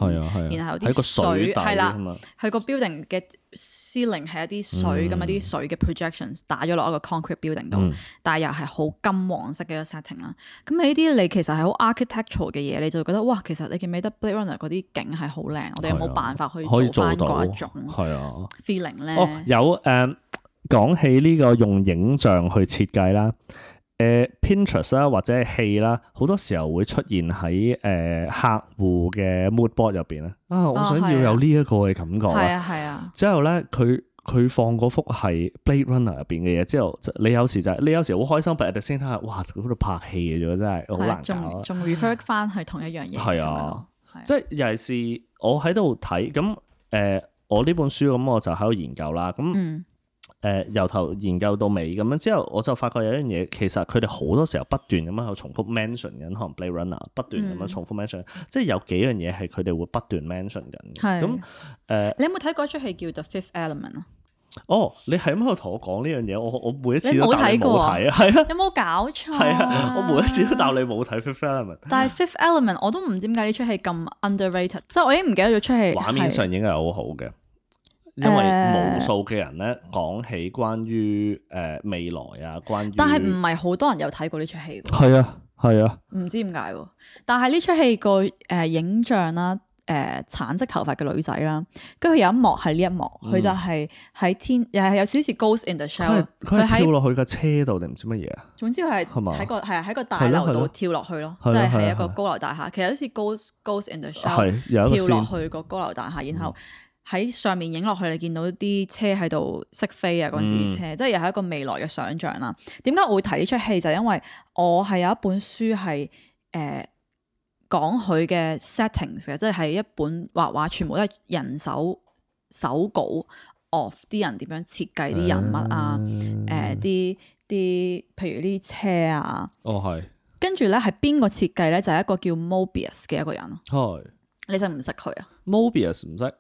然後有啲水，係啦，佢個 building 嘅 ceiling 係一啲水咁一啲水嘅 projections 打咗落一個 concrete building 度，但係又係好金黃色嘅一個 setting 啦。咁呢啲你其實係好 architectural 嘅嘢，你就覺得哇，其實你記唔記得 Blade Runner 嗰啲景係好靚，我哋有冇辦法去做翻嗰一種 feeling 咧？有誒。講起呢、這個用影像去設計、呃、啦，誒 Pinterest 啦或者係戲啦，好多時候會出現喺誒、呃、客戶嘅 mood board 入邊咧。啊，我想要有呢一個嘅感覺、啊。係、哦、啊係啊，啊之呢。之後咧，佢佢放嗰幅係 Blade Runner 入邊嘅嘢，之後你有時就係、是、你有時好、就是、開心，突然間先睇下，哇，喺度拍戲嘅啫，真係好難搞、啊。仲 refer 翻係同一樣嘢。係、嗯、啊，啊即係尤其是我喺度睇咁，誒、呃，我呢本書咁，我就喺度研究啦，咁。誒由頭研究到尾咁樣之後，我就發覺有一樣嘢，其實佢哋好多時候不斷咁樣去重複 mention 緊可能 Blade Runner 不斷咁樣重複 mention，、嗯、即係有幾樣嘢係佢哋會不斷 mention 緊嘅。咁誒是，呃、你有冇睇過一出戲叫做《The Fifth Element 啊？哦，你係咁喺度同我講呢樣嘢，我我每一次都冇睇過啊，係啊，有冇搞錯啊？我每一次都答你冇睇 Fifth Element。但係 Fifth Element 我都唔知點解呢出戲咁 underrated，即係我已經唔記得咗出戲是畫面上應該係好好嘅。因為無數嘅人咧講起關於誒未來啊，關於但係唔係好多人有睇過呢出戲。係啊，係啊，唔知點解？但係呢出戲個誒影像啦，誒橙色頭髮嘅女仔啦，跟住有一幕係呢一幕，佢就係喺天又係有少少似 Ghost in the Shell，佢係跳落去架車度定唔知乜嘢啊？總之佢係係嘛喺個係喺個大樓度跳落去咯，即係喺一個高樓大廈，其實好似 Ghost Ghost in the Shell，跳落去個高樓大廈然後。喺上面影落去，你見到啲車喺度識飛啊！嗰陣時啲車即係又係一個未來嘅想像啦。點解我會提呢出戲就係、是、因為我係有一本書係誒、呃、講佢嘅 settings 嘅，即係係一本畫畫，全部都係人手手稿。of 啲人點樣設計啲人物啊？誒、嗯，啲啲、呃、譬如啲車啊。哦，係跟住咧係邊個設計咧？就係、是、一個叫 Mobius 嘅一個人咯。嘿你識唔識佢啊？Mobius 唔識。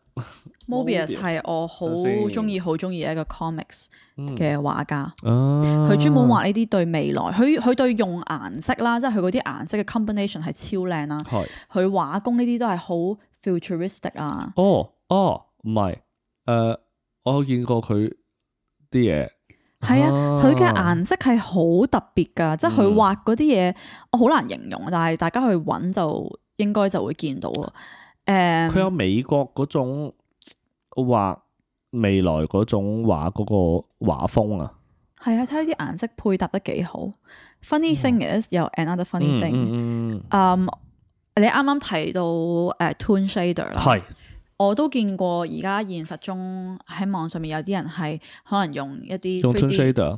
Mobius 係我好中意、好中意一個 comics 嘅畫家，佢專、嗯啊、門畫呢啲對未來，佢佢對用顏色啦，即係佢嗰啲顏色嘅 combination 係超靚啦。佢畫是工呢啲都係好 futuristic 啊。哦哦，唔、哦、係，誒、呃，我有見過佢啲嘢，係啊，佢嘅顏色係好特別噶，嗯、即係佢畫嗰啲嘢，我好難形容，但係大家去揾就應該就會見到啦。佢、um, 有美國嗰種畫未來嗰種畫嗰、嗰個畫風啊，係啊，睇啲顏色配搭得幾好。Funny thing is，有、嗯、another funny thing 嗯。嗯嗯、um, 你啱啱提到誒 Toon Shader 啦，係、uh, 是。我都見過而家現實中喺網上面有啲人係可能用一啲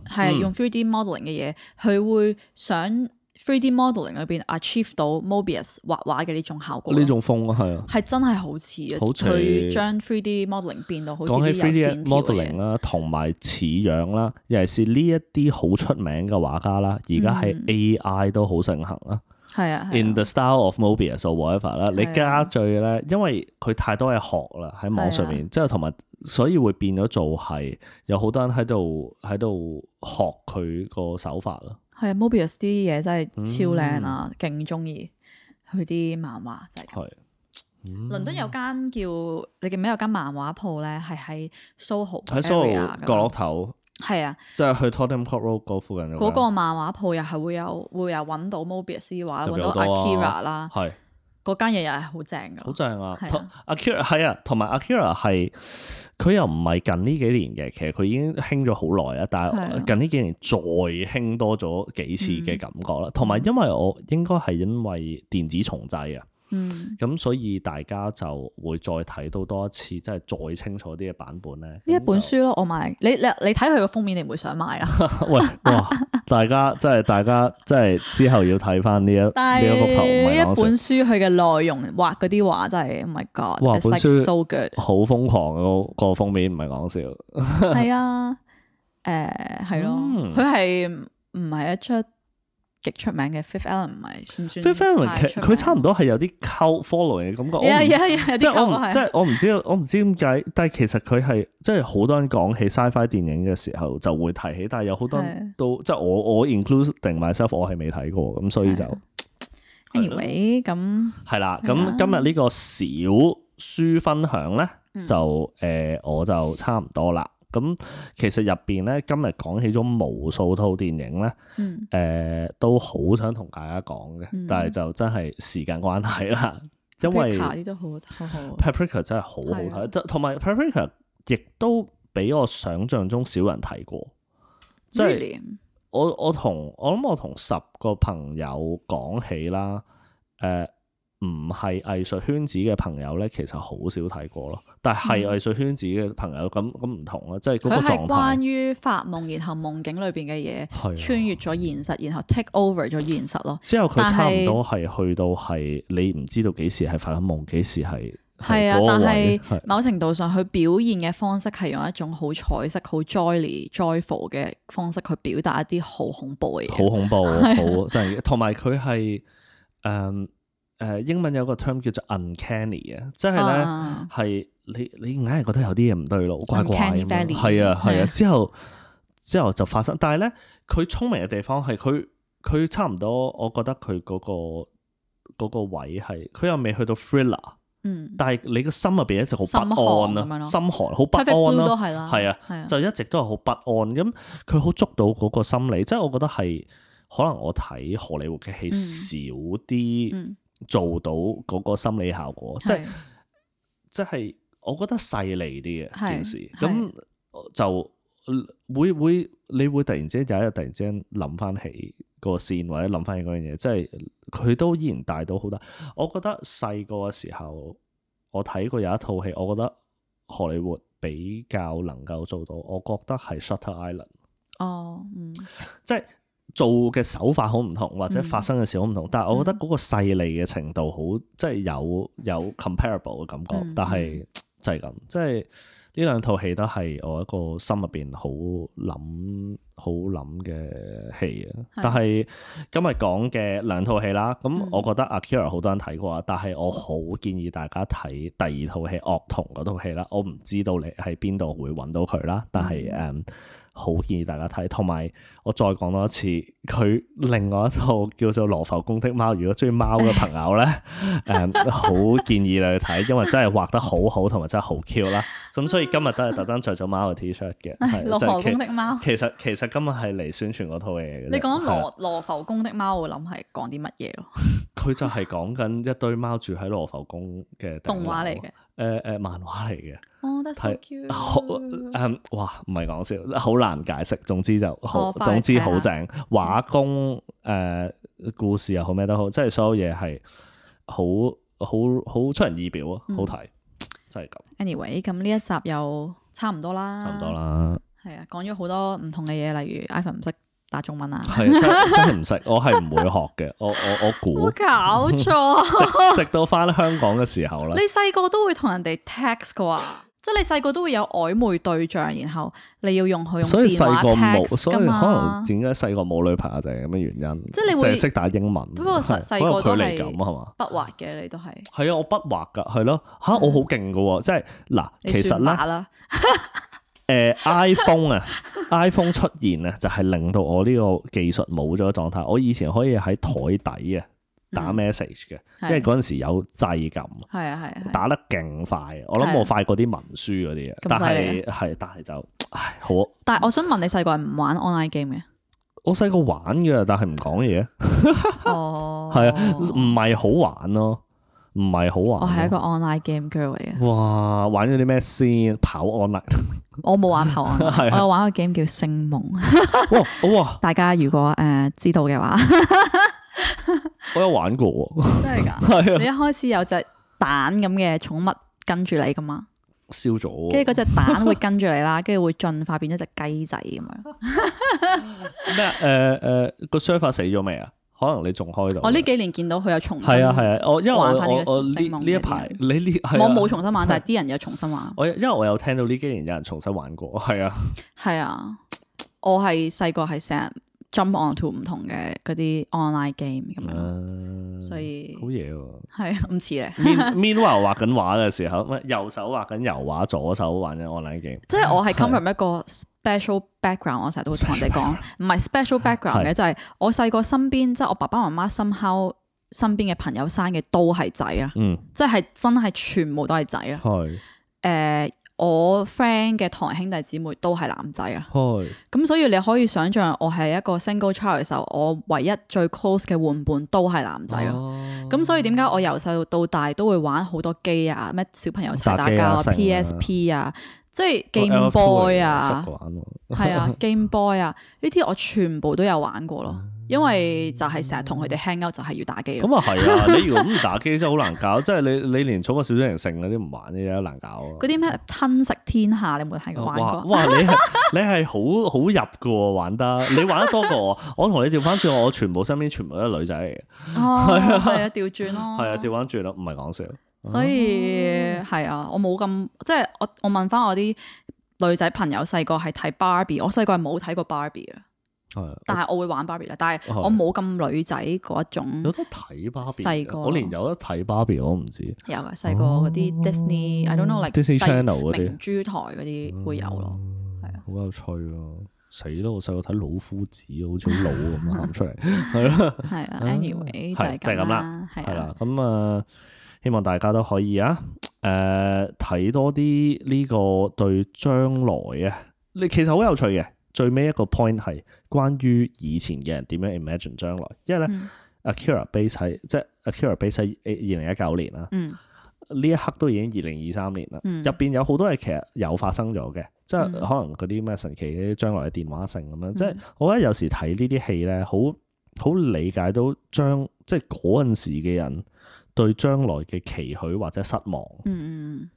係用 three D modelling 嘅嘢，佢、嗯、會想。3D modeling 裏邊 achieve 到 Mobius 畫畫嘅呢種效果，呢種風係、啊、係、啊、真係好似，好似好啊，佢將 3D modeling 變到好似 3D modeling 啦，同埋似樣啦，尤其是呢一啲好出名嘅畫家啦，而家喺 AI 都好盛行啦。係啊、嗯、In the style of Mobius、嗯、or whatever 啦、啊，Mobius, 啊、whatever, 你加罪咧，因為佢太多嘢學啦，喺網上面，即係同埋，所以會變咗做係有好多人喺度喺度學佢個手法啦。係啊，Mobius 啲嘢真係超靚啊，勁中意佢啲漫畫，真係咁。嗯、倫敦有間叫你記唔記得有間漫畫鋪咧，係喺 Soho 喺 Soho 角落頭。係啊，即係去 Tottenham Court Road 嗰附近嗰個漫畫鋪，又係會有會有揾到 Mobius 啲畫，揾到 Akira 啦。係，嗰間嘢又係好正噶。好正啊，同 Akira 係啊，同埋 Akira 係。佢又唔係近呢幾年嘅，其實佢已經興咗好耐啦，但係近呢幾年再興多咗幾次嘅感覺啦，同埋、嗯、因為我應該係因為電子重製啊。嗯，咁所以大家就會再睇到多一次，即係再清楚啲嘅版本咧。呢一本書咯，我買你你你睇佢個封面，你唔會想買啦。喂，哇！大家即係大家即係之後要睇翻呢一呢一幅圖，唔係講笑。呢一本書佢嘅內容畫嗰啲畫真係，my God！哇，本書 so good，好瘋狂嗰個封面，唔係講笑。係啊，誒，係咯，佢係唔係一出？極出名嘅 Fifth Element 唔係算唔算？Fifth Element 佢差唔多係有啲 cult following 嘅感覺。即係我即係 我唔、就是、知道 我唔知點解，但係其實佢係即係好多人講起 sci-fi 電影嘅時候就會提起，但係有好多人都的即係我我 including myself 我係未睇過咁，所以就 Anyway 咁係啦，咁那今日呢個小書分享咧、嗯、就誒、呃、我就差唔多啦。咁其實入邊咧，今日講起咗無數套電影咧，誒、嗯呃、都好想同大家講嘅，嗯、但係就真係時間關係啦。嗯、因為啲、嗯、都好，好好睇的 Paprika 真係好好睇，同埋 Paprika 亦都比我想象中少人睇過。即係我我同我諗我同十個朋友講起啦，誒、呃。唔係藝術圈子嘅朋友咧，其實好少睇過咯。但係藝術圈子嘅朋友咁咁唔同咯，即係嗰個狀態。關於發夢，然後夢境裏邊嘅嘢，穿越咗現實，啊、然後 take over 咗現實咯。之後佢差唔多係去到係你唔知道幾時係發夢，幾時係係啊。但係某程度上，佢表現嘅方式係用一種好彩色、好 joyly、joyful 嘅方式去表達一啲好恐怖嘅、哦。嘢。 好恐怖，好、嗯。同埋佢係誒。誒英文有個 term 叫做 uncanny 嘅，即係咧係你你硬係覺得有啲嘢唔對路，怪怪咁，係啊係啊。之後之後就發生，的但係咧佢聰明嘅地方係佢佢差唔多，我覺得佢嗰個嗰個位係佢又未去到 thriller 但係你個心入邊一直好不安啊，心寒好不安啦，係啊係啊，就一直都係好不安咁，佢好捉到嗰個心理，即係我覺得係可能我睇荷里活嘅戲少啲。嗯嗯嗯做到嗰個心理效果，是即係即係我覺得細膩啲嘅件事。咁是就會會你會突然之間有一日突然之間諗翻起個線，或者諗翻起嗰樣嘢，即係佢都依然帶到好大。我覺得細個嘅時候，我睇過有一套戲，我覺得荷里活比較能夠做到。我覺得係 Shutter Island。哦，嗯，即係。做嘅手法好唔同，或者發生嘅事好唔同，嗯、但係我覺得嗰個細膩嘅程度好，即係、嗯、有有 comparable 嘅感覺。嗯、但係就係咁，即係呢兩套戲都係我一個心入邊好諗、好諗嘅戲啊。嗯、但係今日講嘅兩套戲啦，咁、嗯嗯、我覺得 Akira 好多人睇過啊，但係我好建議大家睇第二套戲《惡童》嗰套戲啦。我唔知道你喺邊度會揾到佢啦，嗯、但係誒。Um, 好建議大家睇，同埋我再講多一次，佢另外一套叫做《羅浮宮的貓》，如果意貓嘅朋友咧，誒、 嗯，好建議你去睇，因為真係畫得好好，同埋真係好 Q 啦。咁 所以今日都係特登着咗貓嘅 T-shirt 嘅。羅浮宮的貓。其實其實今日係嚟宣傳嗰套嘢。嘅。你講羅羅浮宮的貓會諗係講啲乜嘢咯？佢 就係講緊一堆貓住喺羅浮宮嘅動畫嚟嘅。誒誒、呃，漫畫嚟嘅，我覺得係，誒、嗯，哇，唔係講笑，好難解釋，總之就好，哦、總之好正，畫工的，誒、呃，故事又好咩都好，即係所有嘢係，好好好出人意表啊，好睇，嗯、真係咁。Anyway，咁呢一集又差唔多啦，差唔多啦，係啊，講咗好多唔同嘅嘢，例如 i p h n 唔識。打中文啊？係真真係唔識，我係唔會學嘅。我我我估。搞錯。直到翻香港嘅時候啦。你細個都會同人哋 text 噶， 即係你細個都會有曖昧對象，然後你要用佢用電話 text 噶嘛。所以細個冇。所以可能點解細個冇女朋友就係咁嘅原因？即係你會。淨係識打英文。不過細個都係。 都不過距離感係嘛？筆畫嘅你都係。係啊，我筆畫噶係咯，吓、啊啊、我好勁噶，即係嗱，其實啦。 誒、呃、iPhone 啊 ，iPhone 出現啊，就係令到我呢個技術冇咗狀態。我以前可以喺台底啊打 message 嘅，嗯、因為嗰陣時有掣撳，係啊係啊，啊啊打得勁快，我諗我快過啲文書嗰啲啊。但係是係，但係就唉好。但係我想問你，細個係唔玩 online game 嘅？我細個玩噶，但係唔講嘢。 哦，係啊，唔係好玩咯。唔係好啊，我係一個 online game girl 嚟嘅。哇，玩咗啲咩先？跑 online？ 我冇玩跑 online，我有玩個 game 叫《星夢、 啊》。哇！哇！大家如果誒知道嘅話，我有玩過。真係噶？係啊！你一開始有隻蛋咁嘅寵物跟住你噶嘛？燒咗、啊。跟住嗰隻蛋會跟住你啦，跟住 會進化變咗隻雞仔咁樣。咩？ 誒、呃、誒，呃呃那個 server 死咗未啊？可能你仲開到，我呢幾年見到佢有重新玩。係啊係啊，我因為玩我呢一排你呢，我冇重新玩，但係啲人有重新玩。我，我、啊啊啊、因為我有聽到呢幾年有人重新玩過，係啊係啊，我係細個係成日 jump on to 唔同嘅嗰啲 online game 咁樣、嗯，所以好嘢喎。係唔似咧 Meanwhile，畫緊畫嘅時候，右手畫緊油畫，左手玩緊 online game，即係我係 combine 一個。Special background，我成日都會同人哋講，唔係 special background 嘅 spe 是，就係我細個身邊，即、就、係、是、我爸爸媽媽 somehow 身邊嘅朋友生嘅都係仔啊，即係、嗯、真係全部都係仔啊。係是，誒、呃，我 friend 嘅堂兄弟姊妹都係男仔啊。係是，咁所以你可以想象我係一個 single child 嘅時候，我唯一最 close 嘅玩伴都係男仔咯。咁、哦、所以點解我由細到大都會玩好多機啊？咩小朋友齊打打交啊？PSP 啊？PS 即係 Game Boy 啊，係啊 Game Boy 啊，呢啲我全部都有玩過咯，因為就係成日同佢哋 hang out 就係要打機咁啊，係啊，你如果唔打機真係好難搞，即係你你連寵物小精靈剩嗰啲唔玩啲都難搞啊。嗰啲咩吞食天下你有冇睇過玩過？哇你你係好好入噶玩得，你玩得多過我。我同你調翻轉，我全部身邊全部都係女仔嚟嘅，係啊調轉咯，係啊調翻轉咯，唔係講笑。所以係啊，我冇咁即係我我問翻我啲女仔朋友細個係睇芭比，我細個係冇睇過芭比啦。係，但係我會玩芭比啦，但係我冇咁女仔嗰一種。有得睇芭比，細個我連有得睇芭比，我都唔知。有啊，細個嗰啲 Disney，I don't know like Disney Channel 嗰啲明珠台嗰啲會有咯。係啊，好有趣咯！死咯，我細個睇老夫子，好似好老咁喊出嚟。係啊，係啊，anyway 就係咁啦，係啦，咁啊。希望大家都可以啊！誒、呃，睇多啲呢個對將來啊，你其實好有趣嘅。最尾一個 point 係關於以前嘅人點樣 imagine 將來，因為咧《Akira、嗯》Akira base 即係《Akira》base 喺二零一九年啦，呢一刻都已經二零二三年啦。入邊、嗯、有好多嘢其實有發生咗嘅，嗯、即係可能嗰啲咩神奇嘅將來嘅電話城咁樣。嗯、即係我覺得有時睇呢啲戲咧，好好理解到將即係嗰陣時嘅人。對將來嘅期許或者失望，嗯嗯，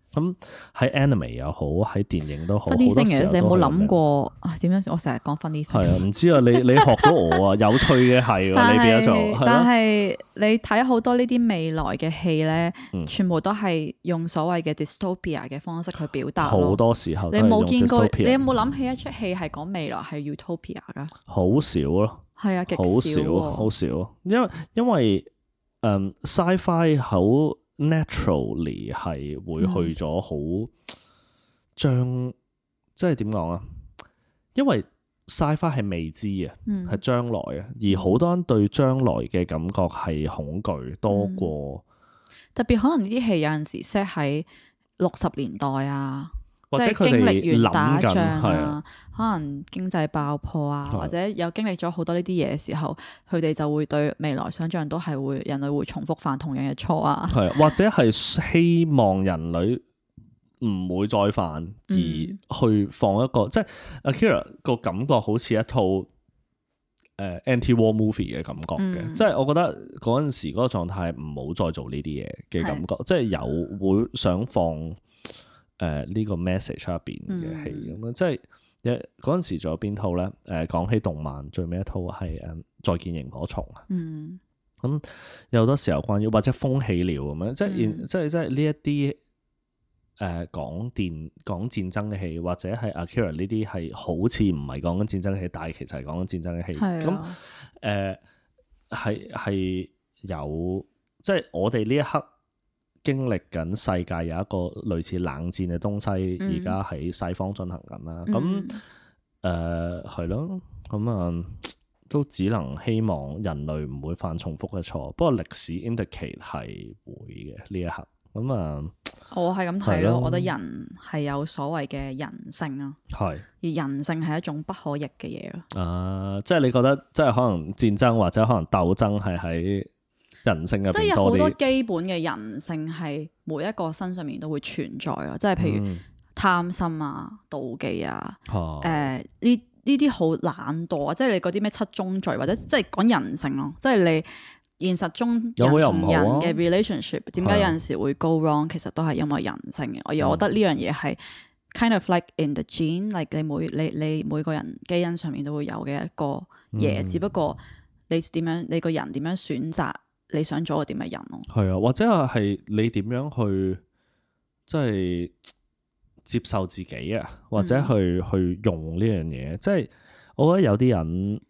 咁喺 anime 又好，喺電影都好，好多時候你有冇諗過啊？點樣？我成日講 fantasy 係啊，唔知啊，你你學咗我啊，有趣嘅係你變咗，係但係你睇好多呢啲未來嘅戲咧，全部都係用所謂嘅 dystopia 嘅方式去表達，好多時候你冇見過，你有冇諗起一出戲係講未來係 utopia 噶？好少咯，係啊，極少，好少，因為因為。嗯，sci-fi 好 naturally 係會去咗好將，即係點講啊？因為 sci-fi 係未知啊，係將、嗯、來啊，而好多人對將來嘅感覺係恐懼多過，嗯、特別可能呢啲戲有陣時 set 喺六十年代啊。即係經歷完打仗啊，是可能經濟爆破啊，是或者有經歷咗好多呢啲嘢嘅時候，佢哋是就會對未來想象都係會人類會重複犯同樣嘅錯啊係或者係希望人類唔會再犯，而去放一個、嗯、即係 Akira 個感覺，好似一套誒 anti-war movie 嘅感覺嘅，即係我覺得嗰陣時嗰個狀態唔好再做呢啲嘢嘅感覺，即係有會想放。誒呢、呃這個 message 入邊嘅戲咁樣，嗯、即係誒嗰陣時仲有邊套咧？誒、呃、講起動漫最尾一套係誒、嗯《再見螢火蟲》啊、嗯，咁、嗯嗯、有好多時候關於或者風起了咁樣，即係即係即係呢一啲誒講戰講戰爭嘅戲，或者係 Akira 呢啲係好似唔係講緊戰爭嘅戲，但係其實係講緊戰爭嘅戲。咁誒係係有，即係我哋呢一刻。經歷緊世界有一個類似冷戰嘅東西，而家喺西方進行緊啦。咁誒係咯，咁啊那、嗯呃嗯、都只能希望人類唔會犯重複嘅錯。不過歷史 indicate 係會嘅呢一刻。咁、嗯、啊，我係咁睇咯。的我覺得人係有所謂嘅人性啊，係的而人性係一種不可逆嘅嘢咯。啊、呃，即係你覺得，即係可能戰爭或者可能鬥爭係喺。人性啊，即係有好多基本嘅人性，係每一個身上面都會存在咯。即係、嗯、譬如貪心啊、妒忌啊、誒呢呢啲好懶惰啊，呃、惰即係你嗰啲咩七宗罪，或者即係講人性咯。嗯、即係你現實中同人嘅 relationship，點解有陣、啊、時會 go wrong？其實都係因為人性嘅。嗯、我而我覺得呢樣嘢係 kind of like in the gene，like 你每你你每個人基因上面都會有嘅一個嘢，只不過你點樣你個人點樣選擇。你想做嘅點嘅人咯，係啊，或者話係你點樣去即係接受自己啊，或者去、嗯、去用呢樣嘢，即係我覺得有啲人，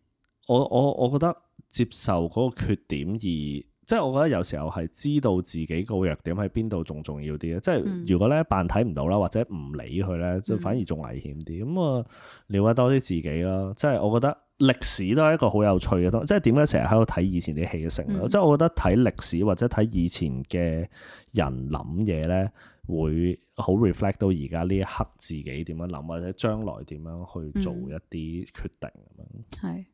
我我我覺得接受嗰個缺點而，而即係我覺得有時候係知道自己個弱點喺邊度仲重要啲啊，嗯、即係如果咧扮睇唔到啦，或者唔理佢咧，就反而仲危險啲。咁啊，了解多啲自己啦，即係我覺得。歷史都係一個好有趣嘅，即係點解成日喺度睇以前啲戲嘅成咯。嗯、即係我覺得睇歷史或者睇以前嘅人諗嘢咧，會好 reflect 到而家呢一刻自己點樣諗，或者將來點樣去做一啲決定咁、嗯、樣。係，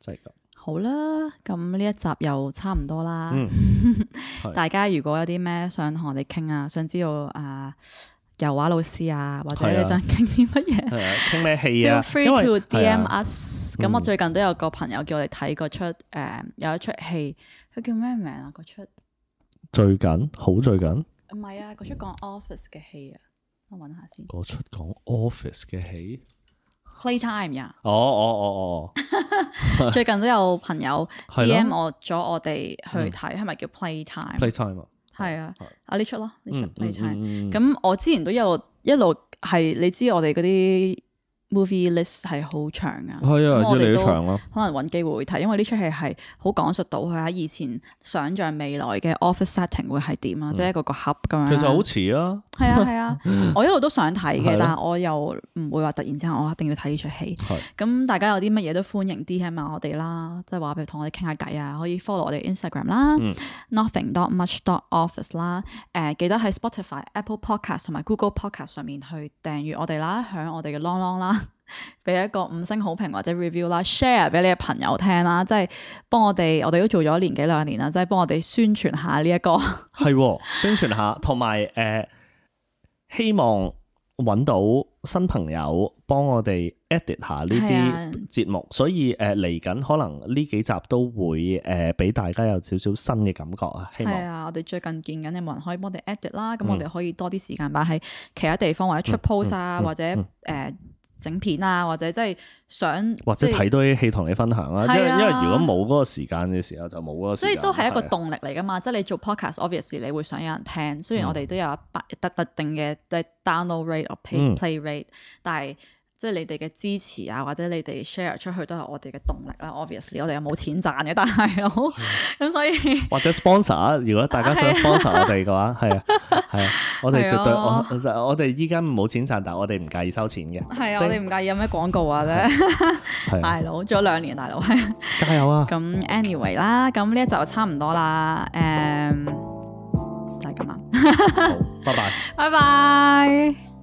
真係。好啦，咁呢一集又差唔多啦。嗯、 大家如果有啲咩想同我哋傾啊，想知道啊油畫老師啊，或者你想傾啲乜嘢，傾咩、啊啊、戲啊？Feel free to、啊、DM us、啊。咁我最近都有個朋友叫我哋睇嗰出誒有一出戲，佢叫咩名啊？嗰出最近好最近？唔係啊，嗰出講 Office 嘅戲啊，我揾下先。嗰出講 Office 嘅戲？Playtime 呀！哦哦哦哦，最近都有朋友 DM 我咗我哋去睇，係咪叫 Playtime？Playtime 啊！係啊，啊呢出咯，呢出 Playtime。咁我之前都一路一路係你知我哋嗰啲。Movie list 係好長啊，的我哋都長咯，可能揾機會去睇，越越因為呢出戲係好講述到佢喺以前想象未來嘅 office setting 會係點、嗯、啊，即係一個個盒咁樣，其實好遲啊，係啊係啊，我一路都想睇嘅， 的但係我又唔會話突然之間我一定要睇呢出戲，咁的大家有啲乜嘢都歡迎啲喺埋我哋啦，即係話譬如同我哋傾下偈啊，可以 follow 我哋 Instagram 啦，nothing dot much dot office 啦，誒、嗯呃、記得喺 Spotify、Apple Podcast 同埋 Google Podcast 上面去訂閱我哋啦，響我哋嘅 Long Long 啦。俾一個五星好評或者 review 啦，share 俾你嘅朋友聽啦，即係幫我哋，我哋都做咗年幾兩年啦，即係幫我哋宣傳下呢一個，係宣傳下，同埋誒希望揾到新朋友幫我哋 edit 下呢啲節目，的所以誒嚟緊可能呢幾集都會誒俾、呃、大家有少少新嘅感覺啊，希望，係啊，我哋最近見緊有冇人可以幫我哋 edit 啦、嗯，咁我哋可以多啲時間擺喺其他地方或者出 post 啊，或者誒。嗯嗯嗯嗯整片啊，或者即係想，就是、或者睇多啲戲同你分享啦、啊。因為、啊、因為如果冇嗰個時間嘅時候就冇嗰個時間。所以都係一個動力嚟㗎嘛。即係、啊、你做 podcast，obviously 你會想有人聽。雖然我哋都有一百得特定嘅即係 download rate or pay play rate，、嗯、但係。即係你哋嘅支持啊，或者你哋 share 出去都係我哋嘅動力啦。Obviously，我哋又冇錢賺嘅，但係大佬，咁所以或者 sponsor，如果大家想 sponsor 我哋嘅話，係啊，係啊，我哋絕對我我哋依家冇錢賺，但係我哋唔介意收錢嘅。係啊，我哋唔介意有咩廣告啊啫。大佬做咗兩年，大佬係加油啊！咁 anyway 啦，咁呢一集差唔多啦，誒，就係咁啦，拜拜，拜拜。